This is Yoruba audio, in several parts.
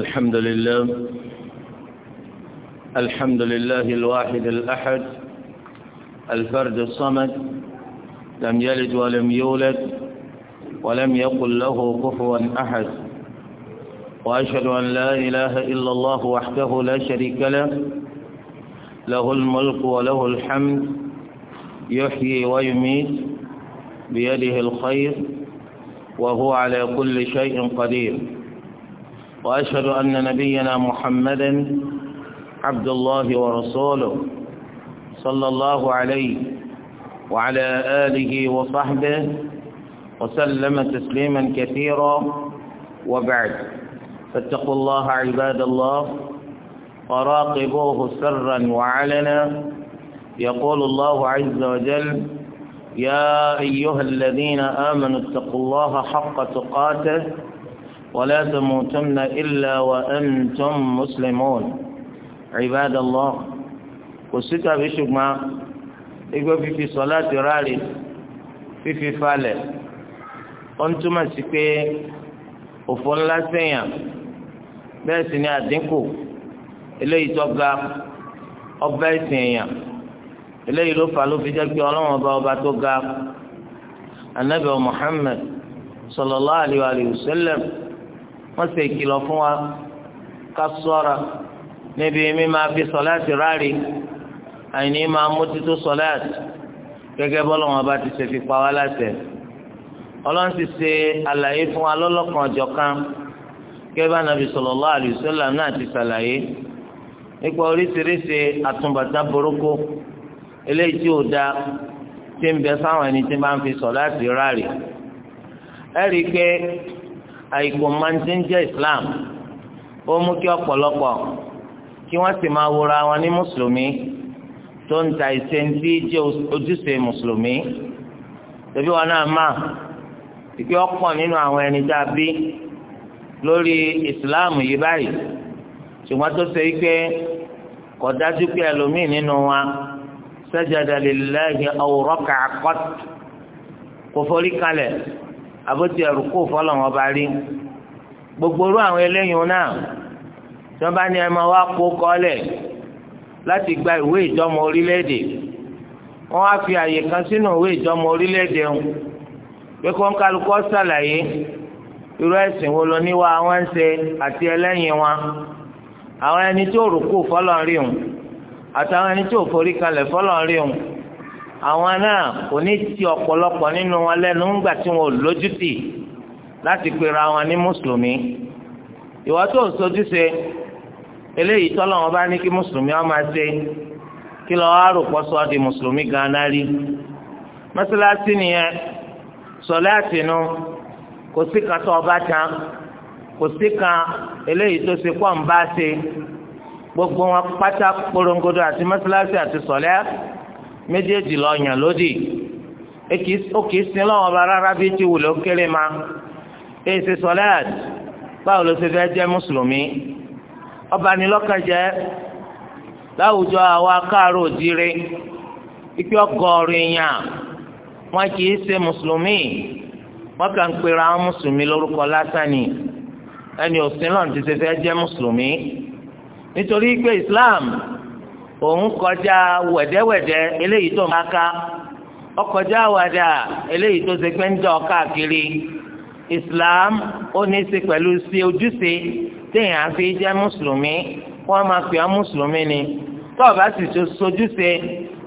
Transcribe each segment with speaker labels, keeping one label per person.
Speaker 1: الحمد لله الحمد لله الواحد الأحد الفرد الصمد لم يلد ولم يولد ولم يقل له كفوا أحد وأشهد أن لا إله إلا الله وحده لا شريك له له الملك وله الحمد يحيي ويميت بيده الخير وهو على كل شيء قدير وأشهد أن نبينا محمدا عبد الله ورسوله صلى الله عليه وعلى آله وصحبه وسلم تسليما كثيرا وبعد فاتقوا الله عباد الله وراقبوه سرا وعلنا يقول الله عز وجل يا أيها الذين آمنوا اتقوا الله حق تقاته ولا تموتن إلا وأنتم مسلمون عباد الله وستا بشكما إيقو في في صلاة رالي في في فالي أنتم سكي òfò ńlá sẹ́yìn bẹ́ẹ̀ sì ni àdínkù eléyìí tọ́ga ọba ẹ̀sìn èèyàn eléyìí ló fà ló fi jẹ́ pé ọlọ́run ọba ọba tó ga anabi muhammed sallallahu alaihi wa sallam wọ́n ṣe ìkìlọ̀ fún wa ká ṣọ́ra níbi mi máa fi sọláàtì ráàlì àìní máa mójútó sọláàtì gẹ́gẹ́ bọ́lá wọn bá ti ṣe fi pa wá láṣẹ. ọlọ́run ti ṣe àlàyé fún wa lọ́lọ́kan ọ̀jọ̀kan gẹ́gẹ́ bá nàbì sallallahu alaihi wasallam náà ti ṣàlàyé nípa oríṣiríṣi àtúbàtà burúkú eléyìí tí ò da tí ń bẹ sáwọn ẹni tí máa ń fi sọláàtì ráàlì. ẹ rí i pé àìkò máa ń islam ó mú kí ọ̀pọ̀lọpọ̀ kí wọ́n sì máa wòra wọn ní mùsùlùmí tó ń ta ìṣe ń tí jẹ́ ojúṣe mùsùlùmí tẹ̀bí wọn náà mà ìpè ọ̀pọ̀ nínú àwọn ẹni tá a bí lórí islam yìí báyìí ṣùgbọ́n tó ṣe wípé kò dájú pé ẹlòmíì nínú wa sajada lillahi aw raka'a qat kò forí kalẹ̀ àbótí ẹrù kó fọlọ́ wọn bá rí gbogbo irú àwọn eléyìí náà tí wọ́n bá ní ẹmọ wa kó kọ́lẹ̀ láti gba ìwé ìjọmọ orílẹ̀-èdè wọ́n fi àyè kan sínú ìwé ìjọmọ orílẹ̀-èdè pé kó ń kálukọ́ sàlàyé irú ẹ̀sìn wo ló ní wa wọ́n ń ṣe àti ẹlẹ́yìn wọn àwọn ẹni tí ò rò kó fọlọ́ àtàwọn ẹni tí forí kalẹ̀ fọlọ́ rí wọn àwọn náà kò ní ti ọ̀pọ̀lọpọ̀ nínú wọn lẹ́nu ńgbà tí wọn ò lójútì láti pera wọn ní mùsùlùmí ìwà tó sojúṣe eléyìí tọ́lọ́wọ́n bá ní kí mùsùlùmí wọn máa ṣe kí lọ́ọ́ àròpọ̀ sọ di mùsùlùmí gan-an rí mọ́sálásí nìyẹn sọláàtì nu kò sí kan tó ọba tán kò sí kan eléyìí tó ṣe pọ̀ ń bá ṣe gbogbo wọn pátá korongodo àti mọ́sálásí àti sọ̀lẹ́ méjèèjì lọ yàn lódì ó kì í sin lọ́wọ́ bá rárá bí ti ma èyí ṣe sọlẹ́t báwo ló ṣe fẹ́ jẹ́ mùsùlùmí ọba ni lọ́kàn jẹ́ láwùjọ àwa káàró òjire ikú ọgọ́rin èèyàn wọn kì í ṣe mùsùlùmí wọn kàn ń pera àwọn mùsùlùmí lórúkọ lásán ni ẹni ti ṣe fẹ́ jẹ́ mùsùlùmí nítorí Islam. òun kọjá wẹ̀dẹ́wẹ̀dẹ́ eléyìí tó máa ká ọkọjá àwàdà eléyìí tó ṣe pé ń jọ káàkiri Islam ó ní í ṣe pẹ̀lú sí ojúṣe téèyàn fi jẹ́ mùsùlùmí wọ́n máa pè ọ́ mùsùlùmí ni tó o bá sì sojúṣe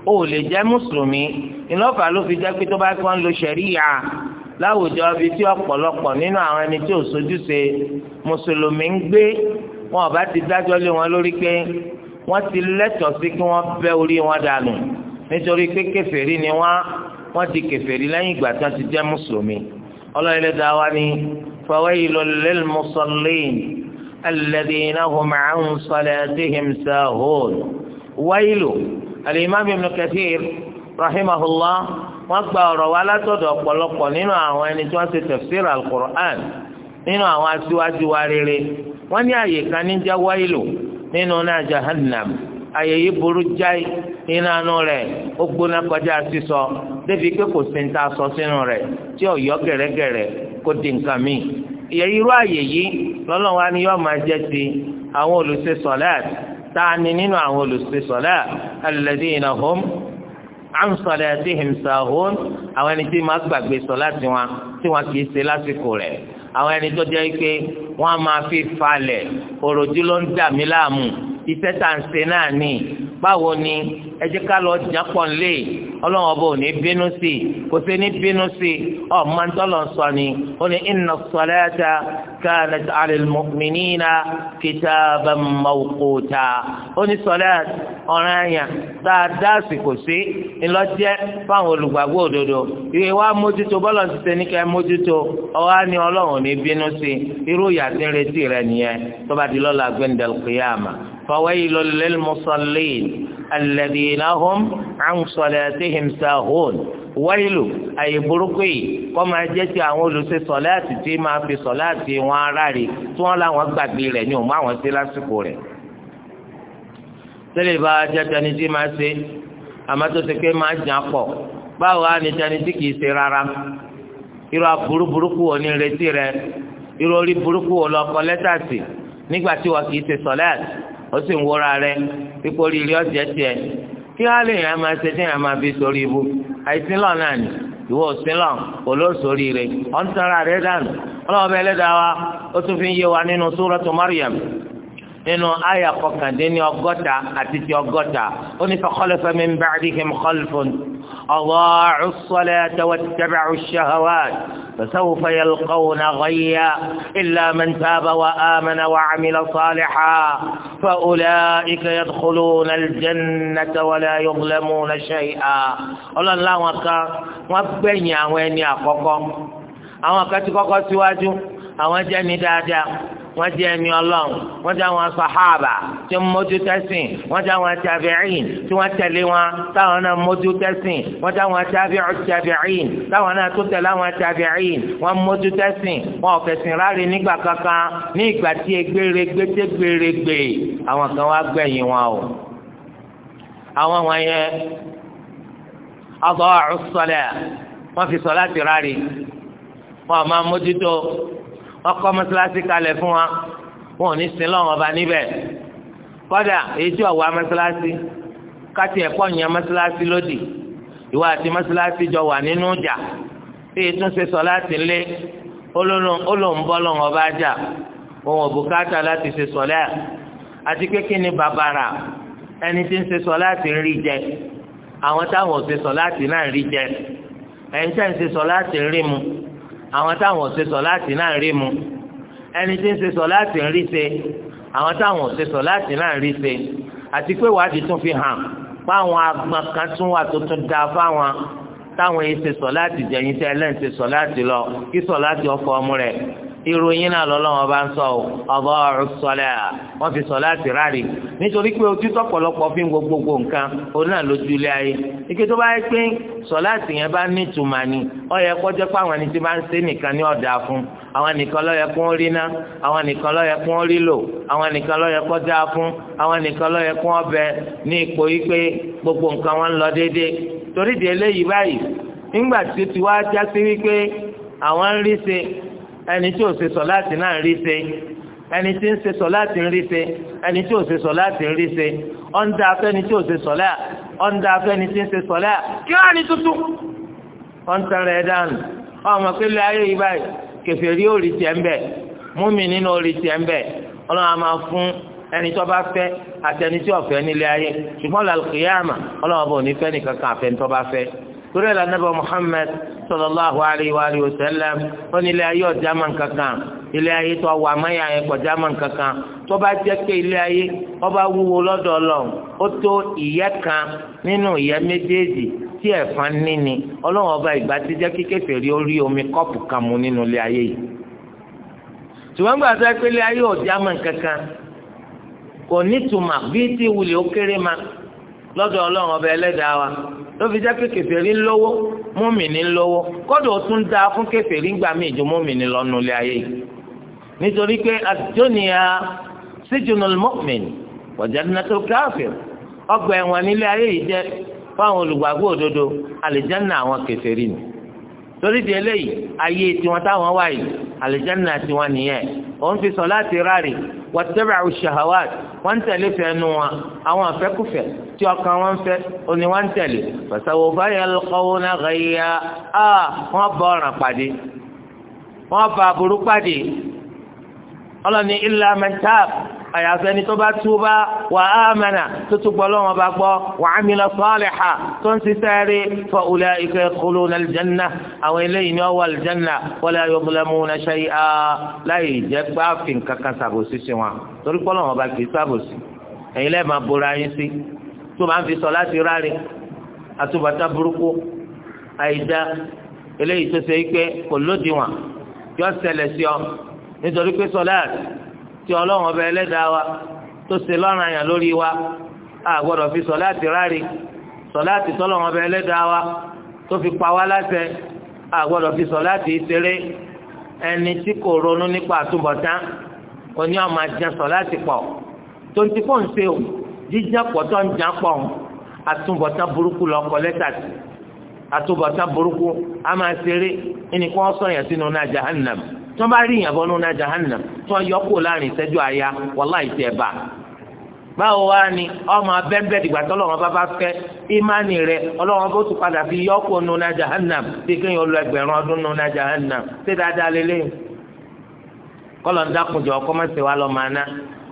Speaker 1: o ò lè jẹ́ mùsùlùmí ìlọ́fà ló fi jẹ́ pé tó bá kí wọ́n lo ṣẹ̀ríyà láwùjọ ibi tí ọ̀pọ̀lọpọ̀ nínú àwọn ẹni tí ò sojúṣe mùsùlùmí ń gbé wọn ò bá ti dájọ́ lé wọn lórí pé wọ́n ti lẹ́tọ̀ọ́ sí kí wọ́n bẹ́ orí wọn dànù nítorí pé kèfèrí ni wọ́n wọ́n ti kèfèrí lẹ́yìn ìgbà tí wọ́n ti jẹ́ mùsùlùmí ọlọ́run ẹlẹ́dàá wa ni fawailul lil musallin alladhina hum an salatihim sahun wáyìlò alimami ibn kathir rahimahullah wọ́n gba ọ̀rọ̀ wa látọ̀dọ̀ ọ̀pọ̀lọpọ̀ nínú àwọn ẹni tí wọ́n ti tafsir al nínú àwọn aṣíwájú wa rere wọ́n ní àyè kan ní jẹ́ wáyìlò nínú náà jahannam ayé yìí burú jáì nínú àánú rẹ̀ ó gbóná kọjá sísọ débi pé kò sí níta sọ sínú rẹ̀ tí ò yọ gẹ̀rẹ́gẹ̀rẹ́ kó di nǹkan míì ìyẹn irú àyè yìí lọ́lọ́wọ́ á ní yọ́ máa jẹ́ ti àwọn olùṣe sọ̀láàtì tani nínú àwọn olùṣe sọ̀láàtì alladhina hum an salatihim sahun àwọn ẹni tí máa gbàgbé sọ̀láàtì wọn tí wọn kì í ṣe lásìkò rẹ̀ àwọn ẹni tó jẹ́ pé wọ́n á máa fi falẹ̀ òròjú ló ń dà mí láàmú iṣẹ́ tá náà ni báwo ni ẹ jẹ́ ká lọ jápọ̀ nílé ọlọ́run ọba ò ní bínú sí i kò sí ní bínú sí i ọmọ ń tọ́lọ̀ sọ ni ó ní inna salata kanat alal mu'minina kitaban mawquta ó ní sọlẹ́t ọ̀ràn àyàn tá a dá àsìkò sí ńlọ́jẹ́ fáwọn olùgbàgbọ́ òdodo ìwé wa mójútó bọ́lọ̀ ti ṣe ní ká mójútó ọwá ni ọlọ́run ò bínú sí i irú ìyà tí ń retí rẹ nìyẹn tó bá di lọ́la gbẹ̀ndẹ̀l qiyama fawailul lil alladhina hum an salatihim sahun wáyìlú àyè burúkú yìí kọ́ máa jẹ́ ti àwọn olùṣe sọ̀láàtì tí máa fi sọ̀láàtì wọn aráre tí wọ́n láwọn gbàgbé rẹ̀ ní òun máwọn sí lásìkò rẹ̀. sílẹ̀ bá jẹ́jẹ́ ni tí máa ṣe àmọ́ tó ti pé máa jà pọ̀ báwo á ní jẹ́ni tí kìí ṣe rárá irú aburú wo ní retí rẹ irú orí burúkú wo lọ kọ lẹ́tà sí nígbà tí wọ́n kìí ṣe sọ̀láàtì ó sì ń wúra rẹ pípò rírí ọ̀jẹ̀ tiẹ̀ kí á lè yàn máa ṣe tí yàn máa fi sórí ibu àìsín lọ náà ni ìwọ òsín lọ olóòsórí rẹ ọ̀n tara rẹ dànù ọlọ́wọ́ bẹ́ẹ̀ lẹ́dàá wa ó tún fi ń yé wa nínú súrọ́tù Maryam nínú àyà kọkàndínní ọgọ́ta àti ti ọgọ́ta ó ní fa khalafa min ba'dihim khalfun. أضاعوا الصلاة واتبعوا الشهوات فسوف يلقون غيا إلا من تاب وآمن وعمل صالحا فأولئك يدخلون الجنة ولا يظلمون شيئا الله لا وكان وبين وين يا àwọn kan ti kọ́kọ́ síwájú àwọn jẹ́ wọ́n jẹ́ ẹni ọlọ́run wọ́n jẹ́ àwọn sàhábà tí wọ́n mójú tẹ́sìn wọ́n jẹ́ àwọn tàbíìn tí wọ́n tẹ̀lé wọn táwọn náà mójú tẹ́sìn wọ́n jẹ́ àwọn tàbíù tàbíìn táwọn náà tó tẹ̀lé àwọn tàbíìn wọ́n mójú tẹ́sìn wọn ò fẹ̀sìn ráre nígbà kankan ní ìgbà tí egbèrègbè tẹ́ gbèrègbè àwọn kan wá gbẹ̀yìn wọn o àwọn wọn yẹn ọgọ́ àrùsọ̀lẹ̀ wọ́n fi sọ láti ráre wọn máa mójútó ọkọ mọ́sálásí kalẹ̀ fún wa wọn ò ní sin lọ́wọ́ ọba níbẹ̀ kọ́dà èyí tí ọ̀wá mọ́sálásí káti ẹ̀kọ́ yẹn mọ́sálásí lódì ìwà àti mọ́sálásí jọ wà nínú ìjà èyí tún ṣe sọ láti lé olóńbọ́ lọ́wọ́ ọba jà òun ò bùkátà láti ṣe sọ lẹ́yà àti kékeré ní bàbàrà ẹni tí ń ṣe sọ láti rí jẹ àwọn táwọn ò ṣe sọ láti náà rí jẹ ẹni tí ń ṣe sọ láti rí mu àwọn táwọn ò ṣe sọ̀láàtì náà rí mu ẹni tí ń ṣe sọ̀láàtì ń rí ṣe àwọn táwọn ò ṣe sọ̀láàtì náà rí ṣe àti pé wàádìí tún fi hàn fáwọn agbọn kan tún wà tó tún da fáwọn táwọn èyí ṣe sọ̀láàtì jẹ̀yìn tẹ́ ẹlẹ́ǹṣe sọ̀láàtì lọ kí sọ̀láàtì ọkọ̀ ọmú rẹ̀ ìròyìn náà lọ́lọ́wọ́ bá ń sọ ọ̀bọ ọ̀sọ̀lẹ̀ wọ́n fi sọ láti ráre nítorí pé ojú tọ̀pọ̀lọpọ̀ fi ń gbogbo nǹkan òun náà lójú ilé ayé ike tó bá yẹ pé sọ láti yẹn bá ní ìtumà ni ó yẹ kó jẹ́ pé àwọn ẹni tí bá ń ṣe nìkan ní ọ̀dà fún àwọn nìkan ló yẹ kó ń rí ná àwọn nìkan ló yẹ kó ń rí lò àwọn nìkan ló kó dáa fún àwọn nìkan ló kó ń bẹ ní ipò yìí pé gbogbo nǹkan wọn ń lọ déédéé torí di eléyìí báyìí nígbà tí ó ti wá já wípé àwọn ń rí ṣe ẹni tí ò ṣe sọ láti náà rí ṣe ẹni tí ń ṣe sọ láti ń rí ṣe ẹni tí ò ṣe sọ láti ń rí ṣe ọ̀ǹda afẹ́ni tí ò ṣe sọ láà ọ̀ǹda afẹ́ni tí ń ṣe sọ láà kí wọ́n á ní tuntun. wọ́n ń tẹ̀rẹ̀ ẹ̀ dànù ọmọ pẹ̀lú ayé yìí báyìí kẹfẹ́rí ò rí tiẹ̀ ń bẹ̀ múmi nínú ò rí tiẹ̀ ń bẹ̀ ọlọ́run á máa fún ẹni tó bá fẹ́ àti ẹni tí ò nílé ayé ṣùgbọ́n làlùkìyàmà ọlọ́run ọba ní fẹ́ nìkan kan àfẹ́ni tó bá fẹ́ torí ẹ̀ lànà bá sallallahu alaihi wa alihi wasallam ó ní ilé ayé ọjà máa ń kankan ilé ọba kan nínú tí ẹ̀fọn níni Ọlọ́run ọba ìgbà ti jẹ́ kíkẹsẹ rí orí omi kọpù kan nínú ilé ayé yìí ṣùgbọ́n gbà sọ pé ilé kankan kò nítumọ̀ bíi wulẹ̀ ma lọ́dọ̀ ọba ẹlẹ́dàá wa. ló fi jẹ́ pé kèfèrí ń lówó mùmínì ń kọ́dọ̀ ó tún dáa fún kèfèrí ń gbà mí lọ nulẹ̀ ayé yìí nítorí pé àtúnyà sijnul mu'min wa káfíìn ọgbà ẹ̀wọ̀n nílé ayé yìí jẹ́ fáwọn olùgbàgbọ́ òdodo àwọn torí di eléyìí ayé tiwọn táwọn wá yìí àlùjánnà tiwọn nìyẹn òun fi sọ̀láàtì rárì wattaba'u shahawat wọ́n ń tẹ̀lé fẹ́nu wọn àwọn afẹ́kùfẹ́ tí ọkàn wọn fẹ́ òní wọ́n ń tẹ̀lé fasawfa yalqawna ghayya á ah, wọ́n bá ọ̀ràn pàdé wọ́n bá aburú pàdé ọlọ́ni ilà mẹ́tàb àyàfẹ́ ni tó bá túbá wà á mẹ́nà tó tún gbọ́ lọ́wọ́ bá gbọ́ wà á mìíràn sọ́ọ̀lẹ̀ha tó ń ṣiṣẹ́ rí fọ ulẹ̀ ike kúló na aljanna àwọn eléyìí ni ó wà aljanna wọlé ayọ̀bùlẹ̀mú na ṣe é láì jẹ́ gbáfin kankan ṣàbòsí sí wọn torí gbọ́ lọ́wọ́ bá kì í ṣàbòsí ẹ̀yin lẹ́ẹ̀ máa bora yín sí tó máa ń fi sọ láti ráre àtúbàtà burúkú àìdá eléyìí tó ṣe é pé kò lódiwọ̀n yọ nítorí pé sọláàt tí ọlọ́run ọba ẹlẹ́dàá wa tó ṣe lọ́ràn yàn lórí wa a gbọ́dọ̀ fi sọláàt ráre sọláàt tọ́lọ́run ọba ẹlẹ́dàá wa tó fi pa wá láṣẹ a gbọ́dọ̀ fi sọláàt ìṣeré ẹni tí kò ronú nípa àtúbọ̀tán oní ọmọ ajá sọláàt pọ̀ tó ń ti pọ̀ ń ṣe o jíjá pọ̀ tó ń já pọ̀ àtúbọ̀tán burúkú lọ́kọ̀ lẹ́tà sí àtúbọ̀tán burúkú a máa ṣeré ẹnì kan sọ̀yàn sínú náà jahannam tí bá rí ìyàbọ̀ nínú jahannam tí wọ́n láàrin ìṣẹ́jú àyà wàláì tẹ̀ bá báwo wá ni ọmọ abẹ́ńbẹ́ dìgbà tí ọlọ́run bá bá fẹ́ ìmánì rẹ ọlọ́run bó tún padà fi yọ kó nínú jahannam bí kéèyàn lọ ẹgbẹ̀rún ọdún nínú jahannam ṣé dáadáa lélẹ́yìn kọ́lọ̀ ń dákunjọ ọkọ́ mẹ́sẹ̀ wa lọ́ọ́ máa ná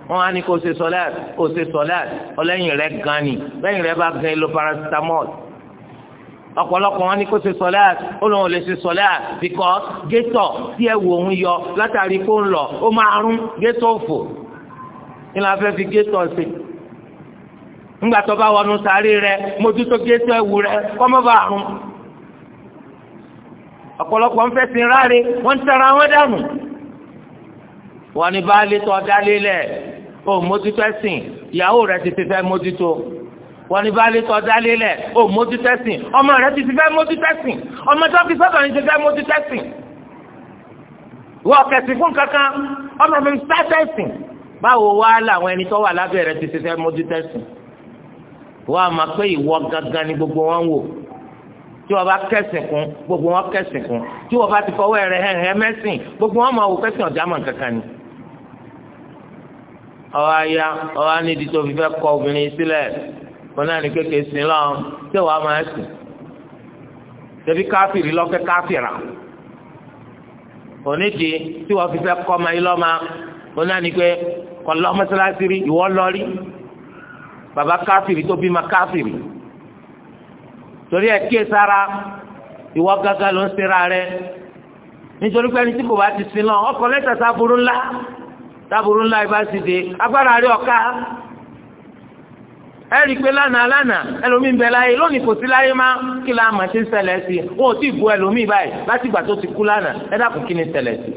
Speaker 1: wọn á ní kó o ṣe sọláàt kó o ṣe sọláàt ọlẹ́yìn rẹ gan ni lẹ́yìn rẹ bá gan ilo paracetamol ọ̀pọ̀lọpọ̀ wọn ni kó ṣe sọlẹ́ olóhùn lè ṣe sọlẹ́ bíkọ́ gétọ̀ tí ẹ wò ń yọ látàrí kó ń lọ ó máa rún gétọ̀ òfò ní la fẹ́ fi gétọ̀ ṣe ńgbà tó bá wọnú sáré rẹ mójútó gétọ̀ ẹ̀wù rẹ kọ́ mọ́ bá rún ọ̀pọ̀lọpọ̀ ń fẹ́ sin ráre wọ́n ń tẹ̀ra wọn dànù wọ́n ní bá lé tọ́ dálé lẹ̀ ó mójútó ẹ̀sìn ìyàwó rẹ ti ti fẹ́ mójútó wọ́n ní bá létọ́ dálé lẹ̀ ó mójú tẹ́sìn ọmọ rẹ ti ti fẹ́ mójú tẹ́sìn ọmọ tó fi sọ́dọ̀ ní ti fẹ́ mójú tẹ́sìn wọ́n kẹ̀sìn fún kankan ọmọ mi ń sá tẹ́sìn báwo wá làwọn ẹni tó wà lábẹ́ rẹ ti ti fẹ́ mójú tẹ́sìn wọ́n á máa pé ìwọ gangan ni gbogbo wọn wò tí wọn bá kẹsìn kún gbogbo wọn kẹsìn kún tí wọn bá ti fọwọ́ rẹ hẹhẹ mẹsìn gbogbo wọn máa wò kẹsìn ọjà mọ kankan ni. ọwọ aya ọwọ anidi tó fi fẹ́ kọ obìnrin sílẹ̀ wọn náà ní kékeré sin lọ́wọ́ tí wàá máa sìn tẹbi káfíìrì lọ́fẹ́ káfíìrà onídìí tí wọ́n fi fẹ́ kọ́ ọmọ yìí lọ́mọ wọn náà ní pé kọlọ́ mọ́sálásí rí ìwọ́ lọ́rí bàbá káfíìrì tó bímọ káfíìrì torí ẹ kíyè sára ìwọ gángan ló ń sinra rẹ nítorí pé ẹni tí kò bá ti sin lọ ọkọ lẹ́tà sábúrú ńlá sábúrú ńlá ibà sì dé agbára rí ọ̀ka ẹ rí i pé lánàá lánàá ẹlòmíì ń bẹ láyé lónìí kò sí láyé má kí la mà ti ń ṣẹlẹ̀ sí i wọn ò tí ì bu ẹlòmíì báyìí láti ìgbà tó ti kú lánàá ẹ dákun kí ni ṣẹlẹ̀ sí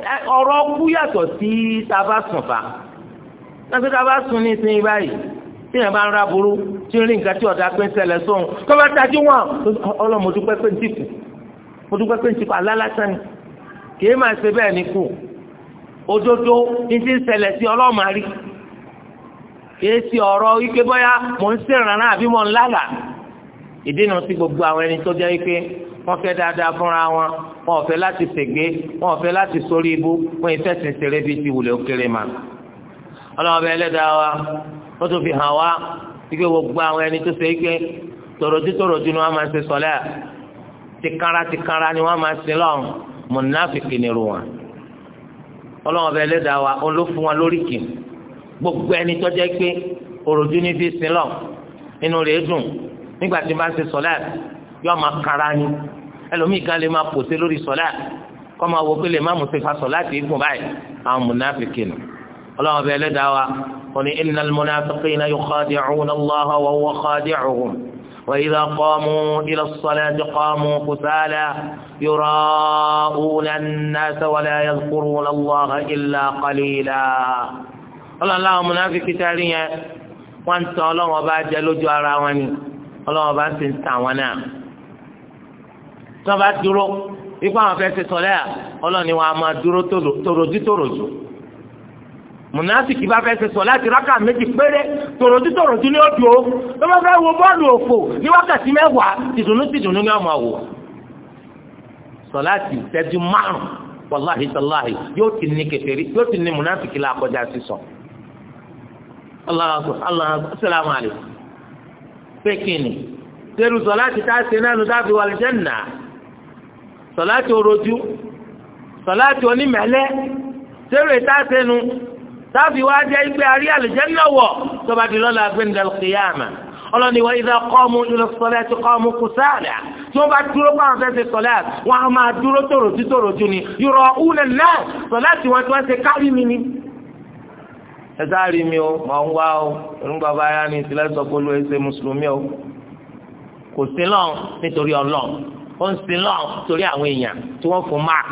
Speaker 1: i. ọ̀rọ̀ kú yàtọ̀ sí tá a bá sùn fa lọ́sẹ̀ tá a bá sùn ní ìsinyìí báyìí tí yẹn bá ń ra tí ń rí nǹkan tí ọ̀dà pé ń ṣẹlẹ̀ sóhun tó bá tajú wọn ọlọ́mọ ń tìkù mo dúpẹ́ ń tìkù kù kìí sí ọ̀rọ̀ wípé bóyá mò ń sèrànà àbí mò ń lálà ìdínà sí gbogbo àwọn ẹni tó jẹ́ wípé wọ́n fẹ́ dáadáa fúnra wọn wọn ò fẹ́ láti ṣègbé wọn ò fẹ́ láti sórí ibú wọn ìfẹ́ sìn ṣeré bíi ti wùlé òkèrè mà ọlọ́wọ́ bẹ ẹlẹ́dàá wa ó tún fi hàn wá wípé gbogbo àwọn ẹni tó ṣe wípé tòròjú tòròjú ni wọ́n máa ṣe sọ́lẹ̀ tìkára tìkára ni wọ́n máa ṣe lọ́hùn mùnáfìkì nìrù ọlọ́wọ́ bẹ ẹlẹ́dàá wa ó ló fún wọn lóríkì gbogbo ẹni tó jẹ́ pé òròjú ní fi sin lọ inú rẹ̀ dùn nígbà tí bá ń ṣe sọ̀lá yóò máa kara ni ẹlòmíì gan lè máa pòṣe lórí sọ̀lá kọ́ máa wo pé lè má mú sefa sọ̀lá ti gùn báyìí àwọn mùnàfíkì nù ọlọ́run ọbẹ̀ ẹlẹ́dàá wa òní innal munafiqina yukhadi'una Allaha wa huwa khadi'uhum. وإذا قاموا إلى الصلاة قاموا قتالا يراءون الناس ولا يذكرون الله إلا قليلا ọlọ́run láwọn múnáfíkì sáré yẹn wọ́n ń tan ọlọ́run ọba jẹ lójú ara wọn ni ọlọ́run ọba sì ń tan wọn náà tí wọ́n bá dúró ikú àwọn fẹ́ẹ́ ṣe sọlẹ́ à ọlọ́run ni wọ́n á máa dúró tòròjú tòròjú mùnàfíkì bá fẹ́ẹ́ ṣe sọ láti rákà méjì péré tòròjú tòròjú ní ojú o ló bá fẹ́ẹ́ wo bọ́ọ̀lù òfò ní wákàtí mẹ́wàá tìdùnnú tìdùnnú ní ọmọ àwò sọ láti ìṣẹ́jú aláàbò aláàbò sàlámù àlèkùn pékinì sẹ́rù sọ̀láàtì tá a ṣe náà ló dábìí wà lẹ́jẹ̀nà sọ̀láàtì orojú sọ̀láàtì onímẹ̀lẹ́ sẹ́rù tá a ṣe nu dábìí wà jẹ́ ìgbé àrí àlùjẹ́nà wọ̀ tọ́ba di lọ́la gbẹ̀ndẹ̀ kìyàmà ọlọ́ni wa ìdá kọ́ọ̀mù ìlú sọ̀láàtì kọ́ọ̀mù kùsàlà tí wọ́n bá dúró báwọn fẹ́ ṣe sọ̀láàtì wọ́n á máa dúró tòròjú tòròjú ni yòrò ẹ sáré mi o mọ̀ ń wá o nígbà báyà ni ìtìlẹ̀ sọ pé olóyè ṣe mùsùlùmí o kò sí lọ́n nítorí ọlọ́n ó ń sin lọ́n torí àwọn èèyàn tí wọ́n fún mark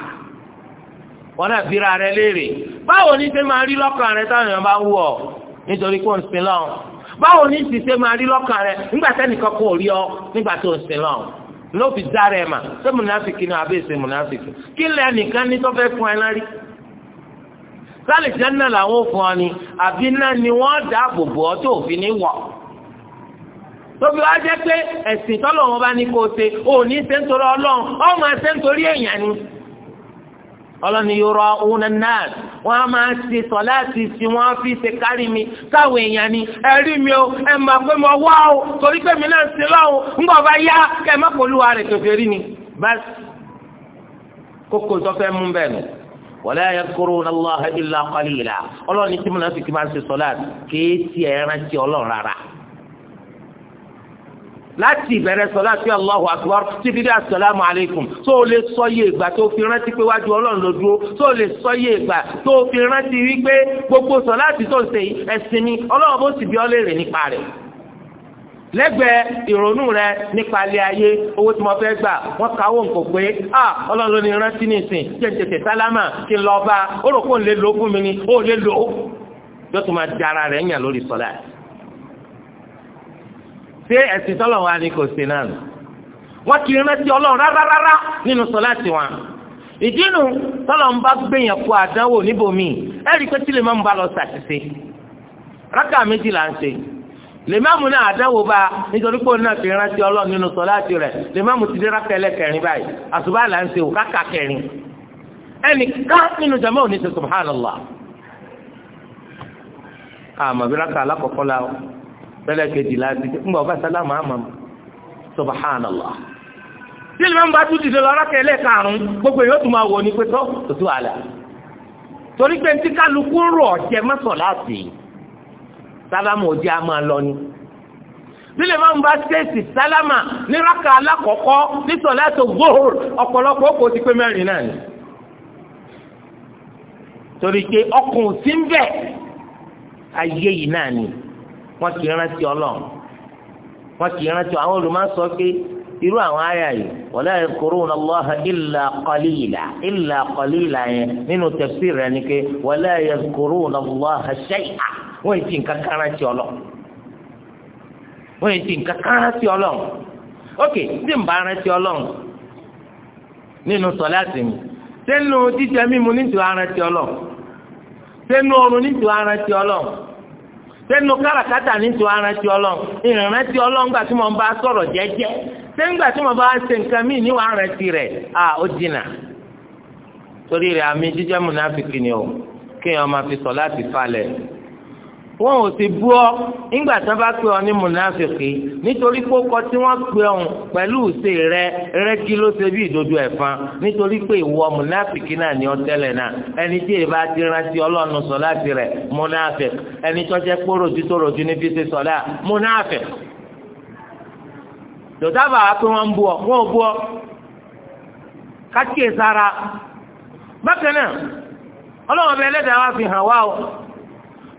Speaker 1: wọn náà fi rẹ léèrè báwo ni ṣe máa rí lọ́kàn rẹ táwọn èèyàn bá wù ọ́ nítorí kó ń sin lọ́n báwo ni sì ṣe máa rí lọ́kàn rẹ nígbà tẹ́nìkan kò rí ọ nígbà tó ń sin lọ́n ló fi dára ẹ̀ mà ṣé mùnàfíkì ni àbí ṣe mùnàfíkì kí lẹ́nìkan ní tó fẹ́ fún ẹ náà sálì jẹ́nà làwọn ò fún ọ ni àbí náà ni wọ́n dáàbò bò ọ́ tó òfin ní wọ̀. tóbi wá jẹ́ pé ẹ̀sìn tọ́lọ̀ wọn bá ní kó o ṣe ò ní ṣe ń torí ọlọ́run ọmọ ẹ̀ṣẹ̀ ń torí èèyàn ni. ọlọ́ni yorùbá òun náà wọ́n á máa ṣe sọ láti ṣe wọ́n fi ṣe kárí mi káwọn èèyàn ni ẹ rí mi o ẹ máa pé mo wá o torí pé mi náà ṣe lọ́hùn ńgbọ̀ bá yá kẹ́ ẹ má polúwa rẹ̀ tó wala yadhkuruna Allaha illa qalila ọlọ́run ní tí mùnáfíkì máa ń ṣe sọ́láàtì kìí ti ẹ̀rán ti ọlọ́run rárá láti ìbẹ̀rẹ̀ sọlá sí Allahu Akbar títí dé asalaamu alaykum tó o lè sọ yé ìgbà tó fi rántí pé wájú ọlọ́run ló dúró tó o lè sọ yé ìgbà tó fi rántí wípé gbogbo sọlá ti tó ń ṣe ẹ̀sìn ni ọlọ́run lẹ́gbẹ̀ẹ́ ìrònú rẹ nípa alẹ́ ayé owó tí mo fẹ́ gbà wọ́n kawó nǹkan pé à ah, ọlọ́run ní rántí nìsín jẹ́jẹ̀tẹ̀ sálámà kí n lọ bá ó rò kó n lè lò fún mi ni ó lè yóò tún máa di ara rẹ̀ yàn lórí sọ́lá ṣé ẹ̀sìn tọ́lọ̀ wa ni kò sí náà wọ́n kì í rántí ọlọ́run rárárárá nínú sọ́lá tiwọn ìdí nu tọ́lọ̀ ń bá gbẹ̀yàn kó àdánwò níbòmíì ẹ̀rí pé lèmáàmù náà àdáwò bá nítorí pé òun náà ti rántí ọlọ́run nínú sọ́láàtì rẹ̀ ti kẹrin báyìí là ń ṣe kẹrin ẹnì ká nínú jama òní ṣe subhanallah àmọ́ bí rákà alákọ̀ọ́kọ́ la pẹ́lẹ́ kejì la ti ń bọ̀ bá sálámù àmọ́ subhanallah tí lèmáàmù bá tún dìde lọ rákà ún sálámà òjì á máa lọ ni nílẹ̀ máa ń bá ṣéèsì sálámà ní rákà alákọ̀ọ́kọ́ ní sọ̀láàtò ọ̀pọ̀lọpọ̀ kò ti pé mẹ́rin náà ni torí pé ọkùn sí ń bẹ̀ ayé yìí náà ni wọ́n kì rántí ọlọ́run wọ́n rántí àwọn pé irú àwọn yìí Allaha illa qalila wọ́n yìí ti nǹkan kan rántí ọlọ́ wọ́n yìí ti nǹkan kan rántí ọlọ́ ok tí n bá rántí ọlọ́ nínú sọláàtì mi sẹ́nu jíjẹ mímu nítorí arántí ọlọ́ sẹ́nu oorun nítorí arántí ọlọ́ sẹ́nu káràkátà nítorí arántí ọlọ́ ìrántí ọlọ́ ńgbà tí mo bá sọ̀rọ̀ jẹ́jẹ́ sẹ́ńgbà tí mo bá ṣe nǹkan míì níwọ̀n arántí rẹ̀ à ó jìnnà torí rẹ̀ àmì jíjẹ́ múnáfíkì ni o kéèyàn máa fi sọ láti falẹ̀ wọn ò ti bú ọ nígbà tí wọn ọ ní mùnàfìkì nítorí pé tí wọn pè ọ pẹ̀lú ìṣe rẹ rẹgí ló ṣe bí ìdodo ẹ̀fọn nítorí pé ìwọ mùnàfìkì náà ni ọ tẹlẹ náà ẹni tí èèbá ti rántí Ọlọ́run sọ láti rẹ mùnàfìkì ẹni tó rojú tó rojú wọn bú ọ wọn ò bú ọ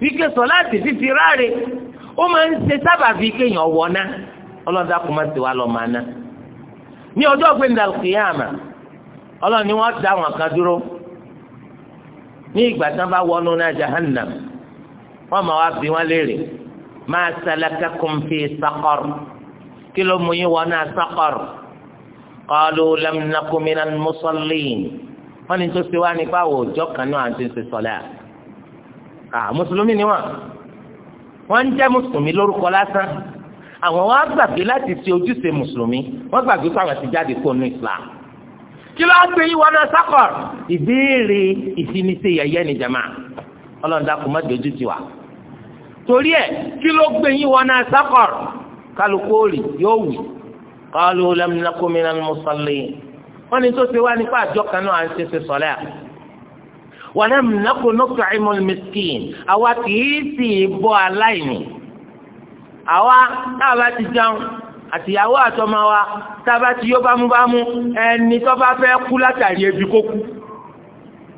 Speaker 1: ike sọláàtì fífi ráre ó máa ń ṣe sábàbí kéèyàn wọ ná ọlọ́dà kò má ti wá lọ́ọ́ máa ná ní ọjọ́ gbẹ̀ndà kìyàmà ọlọ́run ni wọ́n da àwọn kan dúró ní ìgbà tí wọ́n bá wọnú náà jahannam wọ́n máa wá bí wọ́n léèrè ma salakakum fi saqar kí ló mú yín wọnú saqar qalu lam naku minal wọ́n ní tó ṣe wá nípa àwòjọ́ kan náà àti ṣe sọ́lá mùsùlùmí ni wọn wọn ń jẹ́ mùsùlùmí lórúkọ lásán àwọn wọn gbàgbé láti ṣe ojúṣe mùsùlùmí wọn gbàgbé pé ti jáde kó nu Islam kí ló ń gbé yín wọnà sákọ ìbéèrè ìfinisẹ yẹ̀yẹ́ ni jama Ọlọ́run dákun má dojú ti wá torí ẹ kí ló gbé yín wọnà sákọ kálukú òrì yóò wì kálukú lẹ́mìnà kómìnà wọn ni tó ṣe wá nípa àjọ kan náà à ń ṣe ṣe sọlẹ́ wàlẹ́m nàkúnúkà ìmọ̀lì mẹ́sìkìn àwa kìí sì bọ́ aláìní àwa táwa ti jẹun àtìyàwó àtọmọ wa tába ti yó bámúbámú ẹni tó bá fẹ́ kú látàrí ebi kó kú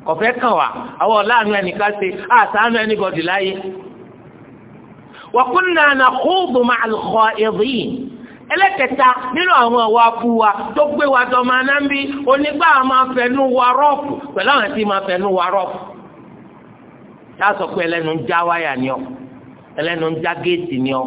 Speaker 1: kọ̀fẹ́ kàn wá àwọn ọ̀làánú ẹnìkan ṣe àtàánú ẹnìbọ̀dì láyé wàkúnnà nàkúùbù màlúkọ̀ ẹ̀rìn ẹlẹ́kẹta nínú àwọn ọ̀wọ́ abu wa tó gbé wa dọ́mọ anábí onígbà máa fẹnu wa rọ́ọ̀pù pẹ̀lú àwọn tí máa fẹnu wa rọ́ọ̀pù tá sọ pé ẹlẹ́nu ń já wáyà ni ọ ẹlẹ́nu ń já géètì ni ọ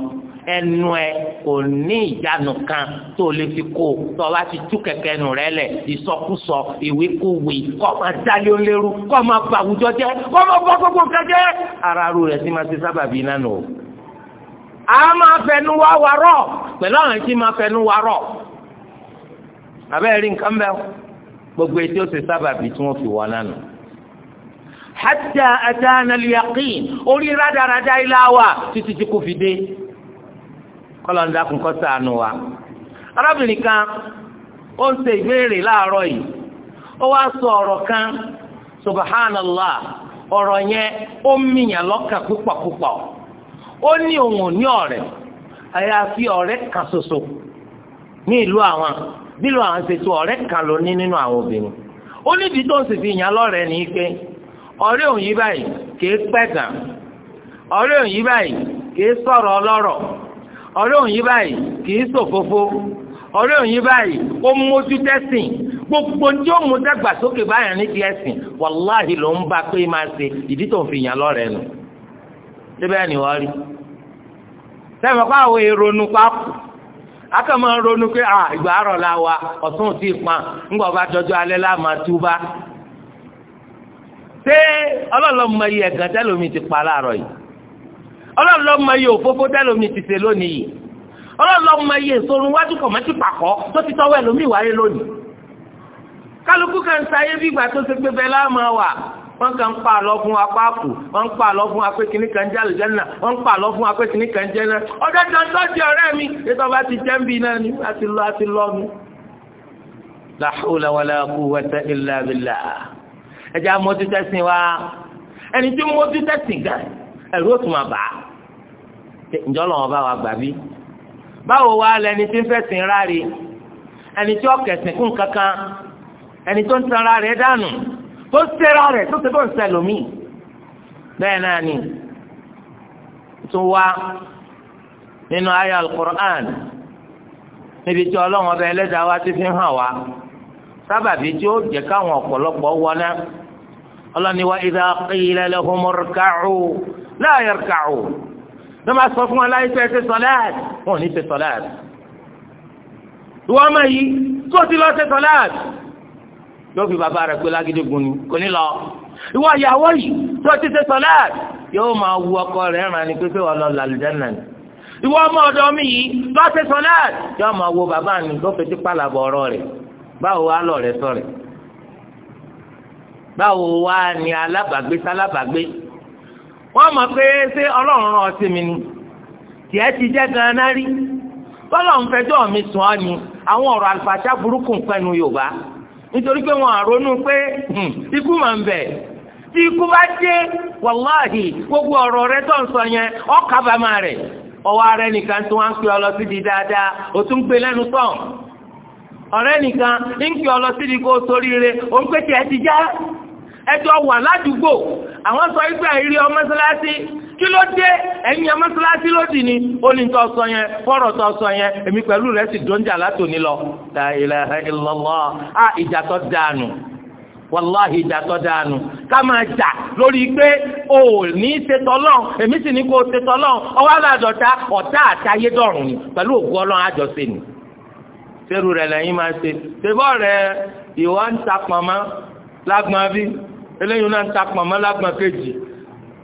Speaker 1: ẹnu ẹ kò ní ìjánu kan tó lè fi kó tó o bá ti tú kẹ̀kẹ́ nù rẹ lẹ̀ ìsọkúsọ ìwékúwé kọ́ máa dálé olérú kọ́ máa bàwùjọ jẹ́ kọ́ máa bọ́ gbogbo kẹ́kẹ́ ara rú rẹ̀ sí máa ti sábàbí náà nù a máa fẹnu wá wa rọ̀ pẹ̀lú àwọn tí máa fẹnu wá rọ̀ rí nǹkan bẹ́ẹ̀ gbogbo etí ó ti sábà bí tí wọ́n fi wọ́n nánu. hatta atana al orí rádaràdá ilá wa títí tí kò fi dé kọ́lọ̀ ń dákun kọ́ sànù wa. arábìnrin kan ó sọ ọ̀rọ̀ kan subhanallah ọ̀rọ̀ yẹn ó mìyàn ó ní òun ò ní ọ̀rẹ́ àyàfi ọ̀rẹ́ kan ṣoṣo ní ìlú àwọn bílò àwọn ṣètò ọ̀rẹ́ kan ló ní nínú àwọn obìnrin ó nídìí tó ń sì fi yàn lọ́rẹ̀ẹ́ ní pé ọ̀rẹ́ òun yí báyìí kìí pẹ̀gàn ọ̀rẹ́ òun yí báyìí kìí sọ̀rọ̀ ọlọ́rọ̀ ọ̀rẹ́ òun yí báyìí kìí ṣòfófó ọ̀rẹ́ òun yí báyìí ó mójú tẹ́sìn gbogbo ní ó mú dàgbàsókè báyìí ní ti ẹ̀sìn wàláhì ló ń bá pé máa ṣe ìdí tó ń fi yàn lọ́rẹ̀ẹ́ nù. síbẹ̀ ni wọ́n rí sẹ́mi kó àwọn ìrònú pápù akọ̀mọ́ ronú pé à ìgbà la wa ọ̀tún ò tí ì pa ńgbà ọba dọ́jọ́ alẹ́ la máa túbá ṣé ọlọ́lọ́mọ yìí ẹ̀gàn tẹ́lómi ti pa láàárọ̀ yìí ọlọ́lọ́mọ òfófó tẹ́lómi ti ṣe lónìí yìí ọlọ́lọ́mọ wájú pàkọ́ tó ti tọ́wọ́ wáyé lónìí kálukú kan bí ìgbà tó ṣe gbé bẹ́ẹ̀ wa wọ́n kàn ń pa àlọ́ fún wa páàpù wọ́n ń pa àlọ́ fún wa pé kìíní kan jẹ́ àlùjẹ́nà wọ́n ń pa àlọ́ fún wa pé kìíní kan jẹ́ náà ọjọ́ tó ń tọ́jú ọ̀rẹ́ mi ètò ọba ti jẹ́ ń bi náà ni àti lọ àti lọ mi. la hawla wala quwwata illa wa ẹni tí mójú tẹ́sìn gan ẹ̀rú òtún máa ǹjọ́ lọ́wọ́ bá wa gbà bí báwo wá lẹni tí ń fẹ̀sìn ráre ẹni tí ọ̀kẹ̀sìn kún kankan ẹni tó ń tan ara dànù tó sẹ́ra rẹ̀ tó ti bọ́ sẹ́lómi bẹ́ẹ̀ náà ni tún wá nínú ayé alukur'an níbi tí ọlọ́run ọba ẹlẹ́dàá wa ti fi hàn wá sábàbí tí ó jẹ́ káwọn ọ̀pọ̀lọpọ̀ wọná ọlọ́ni wa idha qila lahum irka'u la yarka'u ló máa sọ fún aláyé pé ṣe sọláàt wọn ò ní ṣe sọláàt ìwọ ọmọ yìí tó ti lọ ṣe sọláàt yóò fi bàbá rẹ̀ pé lágídígun ni kò ní lọ. ìwọ ìyàwó yìí tó ti ṣe sọlá yóò máa wu ọkọ rẹ̀ ràn ní pípé wọn lọ làlùjáná ni. ìwọ ọmọ ọ̀dọ̀ mi yìí tó ṣe sọlá yóò máa wo bàbá mi tó fi tipa làbọ̀ ọ̀rọ̀ rẹ̀ báwo wá lọ rẹ̀ sọ̀rẹ̀. báwo wá ni alábàgbé sálábàgbé. wọ́n mọ̀ pé ṣé ọlọ́run rán ọ sí mi ni tiẹ̀ ti jẹ́ gan-an rí. bọ́lọ̀ ń fẹjọ́ mi sùn ọ́ ni àwọn ọ̀rọ̀ nítorí pé wọn àrònú pé hmm, ikú máa ń bẹ tí ikú bá dé wàláhì gbogbo ọ̀rọ̀ rẹ tó ń sọ yẹn ọ̀kábàámà rẹ̀ ọwọ́ ara ẹnìkan tí wọ́n ń pè ọ lọ sí di dáadáa ó tún gbé lẹ́nu tán ọ̀rẹ́ nìkan ń pè ọ lọ sí di kó soríire ó ń pè tí ẹ ti já ẹjọ́ wà ládùúgbò àwọn sọ ìgbà ìrí ọmọ mọ́sálásí kí ló dé ẹ̀yin ọmọ síláṣí ló dì ní onítọ̀ sọ yẹn fọ́rọ̀ tọ̀ sọ yẹn èmi pẹ̀lú rẹ̀ sì dóńjà látòní lọ a ìjà tó dànù wàláhì ìjà tó dànù ká máa jà lórí pé o ní ṣètò ọlọ́run èmi sì ní kó o ṣètò ọlọ́run ọwọ́ àbàdọ̀ta ọ̀tá àtayédọ̀rùn ni pẹ̀lú òkú ọlọ́run àjọṣe ni fẹ́rù rẹ̀ lẹ́yìn máa ṣe ṣèbọ̀ rẹ̀ ìwọ ń ta pọ̀nmọ́ lágbọ̀n bí eléyìí náà ń ta pọ̀nmọ́ lágbọ̀n kejì